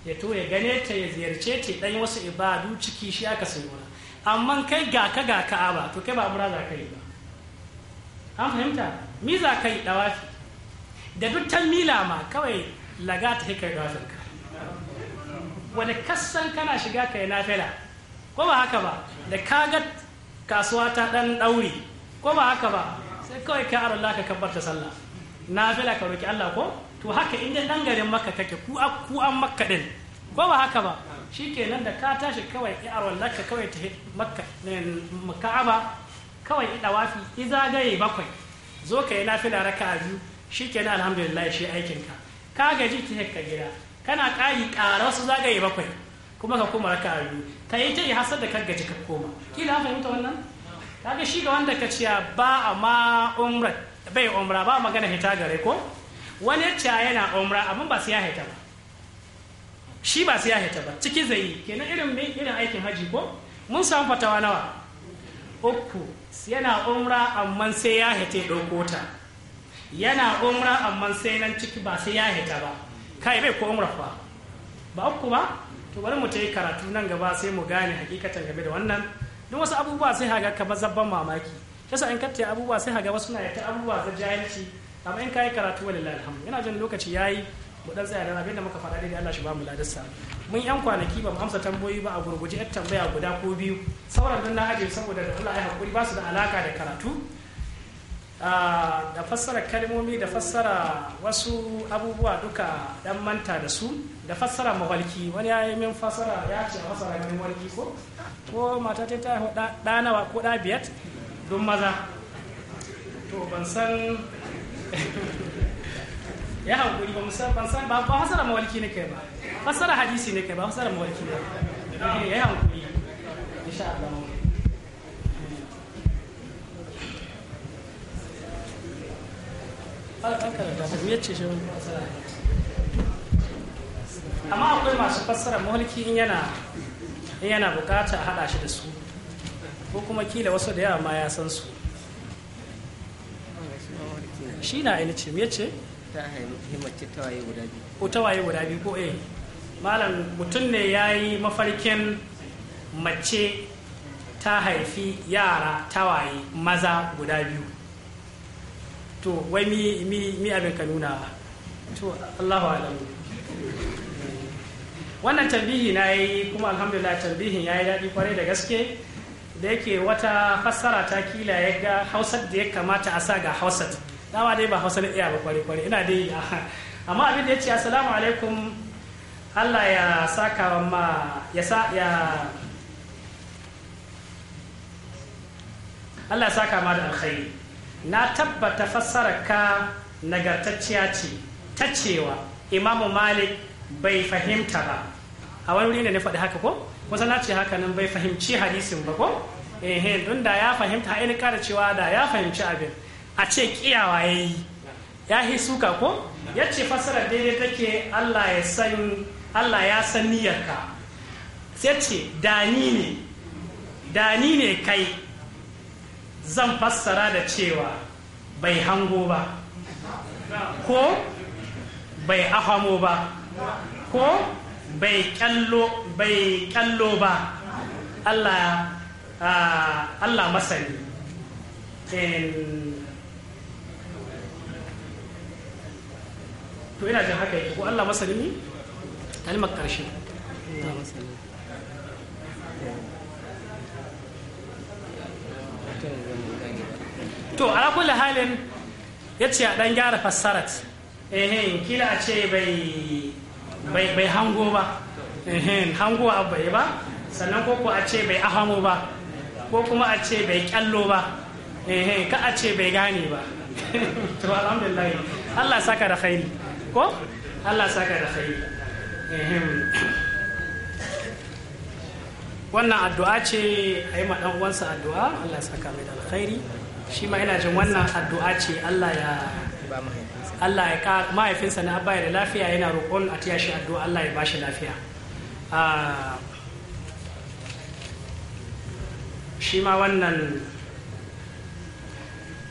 ya to ya gane ta ya ziyarce ta dan wasu ibadu ciki shi aka sun yi umra amma kai ga ka ga ka'aba to kai ba umra za ka yi ba an fahimta miza kai dawafi da duk mila ma kawai laga ta kai dawafin wani kasan kana shiga kai nafila ko ba haka ba da kaga kasuwa ta dan daure ko ba haka ba sai kawai ka aron laka kabbar ta sallah nafila ka roki Allah ko to haka inda dan garin makka kake ku ku an makka din ko ba haka ba shikenan da ka tashi kawai ya aron laka kawai ta makka eh, ka'aba kawai yi dawafi yi zagaye bakwai zo ka yi nafila raka biyu shi kenan alhamdulillah shi aikinka ka gaji ta ka gida kana ƙari ƙara wasu zagaye bakwai kuma ka koma raka biyu ka yi ta yi hasar da ka gaji ka koma kila an fahimta wannan kaga shi ga wanda ka ciya ba a ma umra bai umra ba magana hita gare ko wani ciya yana umra abin ba su ya hita ba shi ba su ya hita ba ciki zai kenan irin aikin haji ko mun samu fatawa nawa uku yana umra amma sai ya hita ɗauko ta yana umra amma sai nan ciki ba sai ya hita ba kai bai ko umra fa ba uku ba to bari mu ta yi karatu nan gaba sai mu gane hakikatan game da wannan don wasu abubuwa sai haga ka mamaki yasa in katta abubuwa sai haga wasu na yata abubuwa za jahilci amma in kai karatu walillahi alhamdu yana jin lokaci yayi mu dan tsaya nan abinda muka faɗa dai Allah shi ba mu ladarsa mun yan kwanaki ba mu amsa tambayoyi ba a gurguje yar tambaya guda ko biyu sauran dan na aje saboda da Allah ya hakuri ba su da alaka da karatu ah, da fassara kalmomi da fassara wasu abubuwa duka dan manta da su da fassara mawalki wani ya yi min fassara ya ce a fassara min mawalki ko ko mata ta ta ɗanawa ko ɗabiyat biyat don maza to ban san ya hankuri ba musamman san ba ba mawalki ne kai ba fasara hadisi ne kai ba fasara mawalki ne eh, ya hankuri insha Allah amma akwai masu fassara mulki in yana in yana bukata a haɗa shi da su ko kuma kila wasu da yawa ma ya san su shi na ainihin ya ce ta ta waye guda biyu ko waye guda biyu ko eh malam mutum ne ya yi mafarkin mace ta haifi yara tawaye maza guda biyu to wai mi mi mi abin ka nuna ba to Allahu alamu wannan tambihi na yi kuma alhamdulillah tambihin ya yi daɗi kwarai da gaske da yake wata fassara ta kila ya ga hausar da ya kamata a sa ga hausar dama dai ba hausa iya ba kware kware ina dai (laughs) amma abin da ya ce assalamu alaikum Allah ya saka ma ya sa ya Allah ya saka ma da alkhairi na tabbata fassarar ka nagartacciya ce ta cewa imamu malik bai fahimta ba a wani wuri ne na faɗi haka ko kusa na ce haka nan bai fahimci hadisin ba ko ehe don da ya fahimta a ina ƙara cewa da ya fahimci abin a ce kiyawa ya yi ya yi suka ko ya ce fasara daidai take allah ya san allah ya san ka, sai ce dani ne dani ne kai zan fassara da cewa bai hango ba ko bai ahamo ba ko bai kyallo ba allah ah, masani to ina jin haka yake ko Allah masani kalmar karshe to ala kulli halin yace a dan gyara fassarat eh kila a ce bai bai bai hango ba eh hango abba ba sannan ko ko a ce bai ahamo ba ko kuma a ce bai kyallo ba eh ka a ce bai gane ba (laughs) to alhamdulillah Allah saka da khairi ko Allah saka da kai wannan addu'a ce a yi ma ɗan uwansa addu'a Allah saka mai da alkhairi shi ma ina jin wannan addu'a ce Allah ya Allah ya ƙara mahaifinsa na abaya da lafiya yana roƙon a tiya shi addu'a Allah ya bashi lafiya ah, shi ma wannan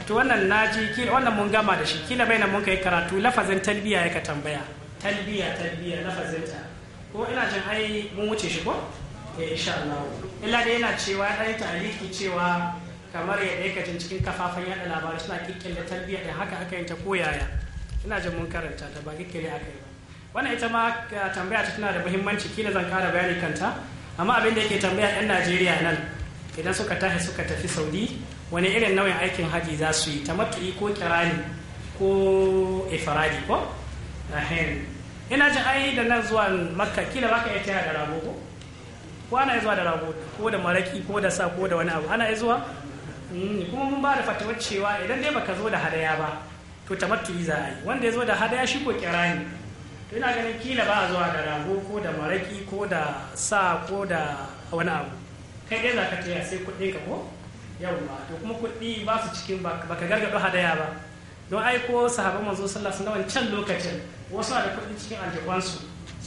to wannan naji kila wannan mun gama da shi kila bai nan mun kai karatu lafazin talbiya ya ka tambaya talbiya talbiya lafazinta ko ina jin ai mun wuce shi ko eh insha Allah illa dai yana cewa dai tarihi cewa kamar ya dai kacin cikin kafafan yada labarai suna kikkille talbiya da haka aka yin ta koyaya ina jin mun karanta ta ba kikkille aka yi ba wannan ita ma tambaya ta tana da muhimmanci kila zan kara bayani kanta amma abin da yake tambaya yan Najeriya nan idan suka tashi suka tafi Saudi wani irin nauyin aikin haji za su yi tamattu'i ko kirani ko ifaradi ko ina ji ai da nan zuwa makka kila maka ya tana da rago ko ko ana zuwa da rago ko da maraki ko da sa ko da wani abu ana zuwa hmm, kuma mun ba da fatawar cewa idan dai baka zo da hadaya ba to tamattu'i za a yi wanda ya zo da hadaya shi ko kirani to ina ganin kila ba a zuwa da rago ko da maraki ko da sa ko da wani abu kai dai za ka taya sai kuɗin ka ko yawwa to kuma kuɗi ba su cikin ba ka gargaɗo hadaya ba don aiko sahaba manzo sallallahu alaihi wasallam can lokacin wasu da kuɗi cikin aljibansu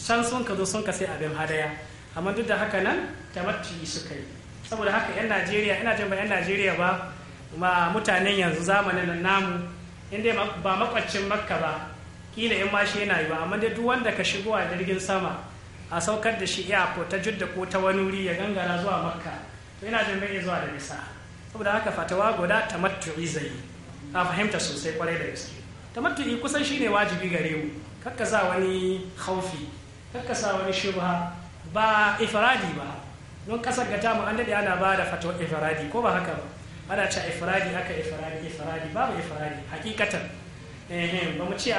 can sun ka zo sun ka sai abin hadaya amma duk da haka nan ta suka yi saboda haka yan Najeriya ina jin ba yan Najeriya ba ma mutanen yanzu zamanin nan namu in dai ba makwacin Makka ba kila in ma shi yana yi ba amma dai duk wanda ka shigo a jirgin sama a saukar da shi ko ta Jidda ko ta wani wuri ya gangara zuwa Makka to ina jin bai zuwa da nisa saboda haka fatawa guda tamattu'i zai a fahimta sosai kwarai da gaske tamattu'i kusan shine wajibi gare mu kakka sa wani haufi kakka sa wani shubha ba ifradi ba don kasar ga tamu an dade ana ba da fatawa ifradi ko ba haka ba ana ce ifradi aka ifradi ifradi babu ifradi hakikatan ba mu ce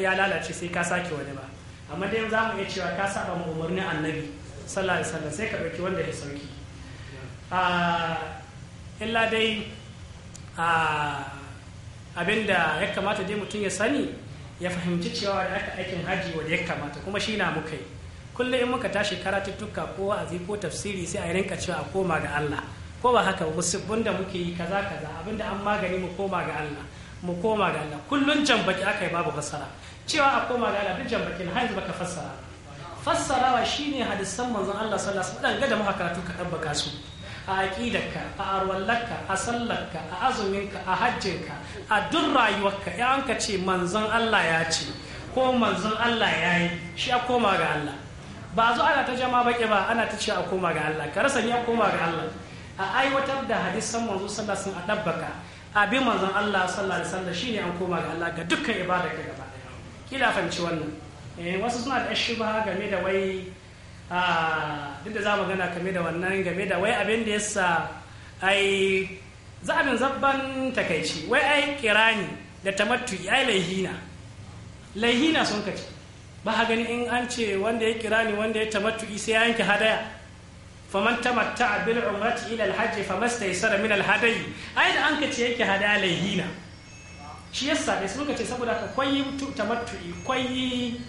ya lalace sai ka sake wani ba amma dai za mu iya cewa ka saba mu umarnin annabi sallallahu alaihi wasallam sai ka ɗauki wanda ya sauki ah, illa dai abinda ya kamata dai mutum ya sani ya fahimci cewa da aka aikin haji wanda ya kamata kuma shi na muka yi kullum in muka tashi karatuttuka ko wa'azi ko tafsiri sai a rinka cewa a koma ga Allah ko ba haka musubbun da muke yi kaza kaza abinda an magani mu koma ga Allah mu koma ga Allah kullun jambaki aka yi babu fassara cewa a koma ga Allah duk jambakin har yanzu baka fassara fassarawa shine hadisan manzon Allah sallallahu alaihi wasallam da muka karatu ka tabbaka su a aƙidarka a arwallarka a sallarka a azuminka a hajjinka a duk rayuwarka ya an ka ce manzon Allah ya ce ko manzon Allah ya yi shi a koma ga Allah ba zo ana ta jama ba ba ana ta ce a koma ga Allah ka rasa ni a koma ga Allah a aiwatar da hadisan manzo sallah sun a ɗabbaka abin manzon Allah sallallahu alaihi wasallam shine an koma ga Allah ga dukkan ibada ga gaba ɗaya kila wannan eh, wasu suna da shubha game da wai Ah, duk da za mu gana game da wannan game da wai abin da yasa ai zaɓin zabban takaici wai ai kirani da tamattu ai laihina laihina sun kace ba ha gani in an ce wanda ya kirani wanda ya tamattu sai ya yanke hadaya faman tamatta bil umrati ila alhajj famastaysara min alhadayi ai da an kace yake hadaya laihina shi yasa da sun kace saboda ka kwayi tamattu kwayi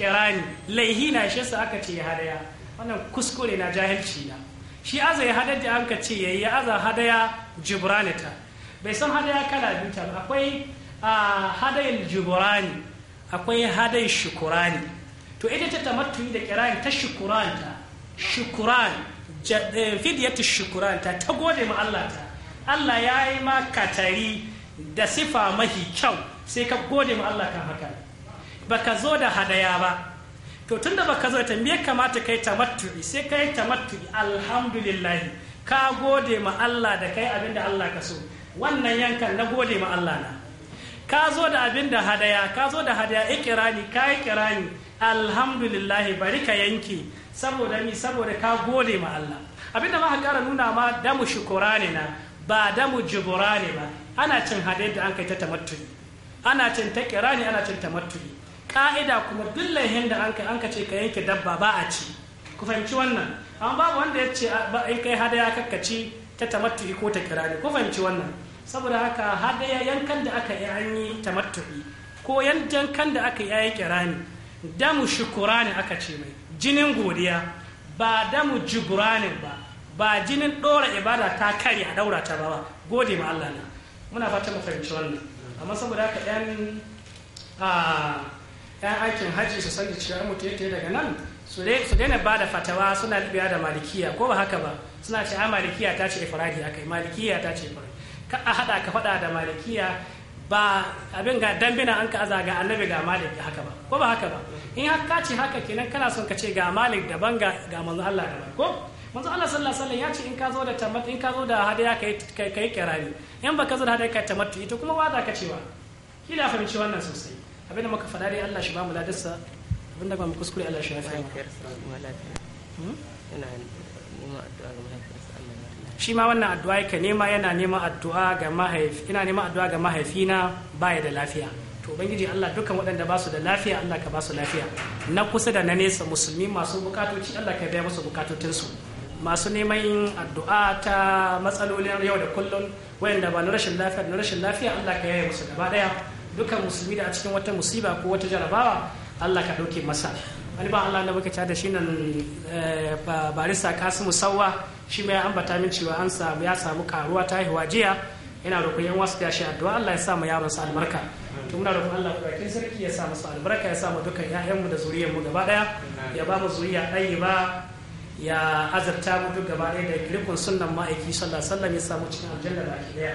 kirani laihi na shi su aka ce ya hadaya wannan kuskure na jahilci na shi aza ya hadar da an ka ce yi aza hadaya jibranita bai san hadaya kala biyu ta akwai hadayin jibrani akwai hadayin shukurani to ita ta ta tamattuyi da kirani ta shukuranta shukuran eh, fidiyatu shukuranta ta gode ma Allah ta Allah ya yi ma katari da sifa mahi kyau sai ka gode ma Allah kan haka baka zo da hadaya ba to tun ba baka zo tambaye kamata kai tamattu'i sai kai tamattu'i alhamdulillah ka gode ma Allah da kai abinda Allah ka so wannan yankan na gode ma Allah na ka zo da abinda hadaya ka zo da hadaya ikirani ka ikirani alhamdulillah bari ka yanke saboda ni saboda ka gode ma Allah abinda ma kara nuna ma mu shukura ne na ba damu jibura ne ba ana cin hadayar da an kai ta tamattu'i ana cin ta ana cin tamattu'i ka'ida kuma duk laihin da an an ka ce ka yanke dabba ba a ci ku fahimci wannan amma babu wanda ya ce in kai hadaya kakkaci ta tamattu'i ko ta ne ku fahimci wannan saboda haka hadaya yankan da aka yi an yi tamattu'i ko yankan da aka yi an yi kirani damu shukurani aka ce mai jinin godiya ba damu jiburanin ba ba jinin ɗora ibada ta kare a daura ta ba gode ma Allah na muna fata mu fahimci wannan amma saboda haka yan ah, 'yan aikin hajji su sanya ciyar mutu yake daga nan su daina ba da fatawa suna biya da malikiya ko ba haka ba suna ce a ah, malikiya ta ce ifradi akai malikiya ta ce faradi. ka a hada ka fada da malikiya ba abin ga dambina an ka aza ga annabi ga malik haka ba ko ba haka ba in haka ce haka kenan kana son ka ce ga malik daban ga ga manzo Allah daban ko manzo Allah sallallahu alaihi wasallam ya ce in ka zo da tamat in ka zo da hadaya kai kai in baka zo da hadaya kai tamattu ita kuma wa za ka cewa kila fahimci wannan sosai abinda muka faɗa dai Allah shi ba mu ladarsa abinda ba mu kuskure Allah shi ya fi hmm? shi ma wannan addu'a yake nema yana nema addu'a ga mahaifi ina nema addu'a ga mahaifina baya da lafiya to ubangiji Allah dukkan waɗanda ba su da lafiya Allah ka ba su lafiya na kusa da na nesa musulmi masu bukatoci Allah ka biya musu bukatotinsu masu neman addu'a ta matsalolin yau da kullum wayanda ba na rashin lafiya na rashin lafiya Allah ka yaya musu gaba daya Dukan musulmi da a cikin wata musiba ko wata jarabawa Allah ka ɗauke masa wani ba Allah na baka da shi nan eh, barista Kasimu Sawwa shi mai ambata min cewa an samu ya samu karuwa ta haihuwa jiya yana roƙon yan wasu ya shi addu'a Allah ya sa mu yaron sa albarka to muna roƙon Allah ku bakin sarki ya sa musu albarka ya sa mu dukkan mu da mu gaba ɗaya ya ba mu zuriya ɗaya ba ya azabta mu duk gaba ɗaya da rikon sunnan ma'aiki sallallahu alaihi wasallam ya samu cikin aljanna baki daya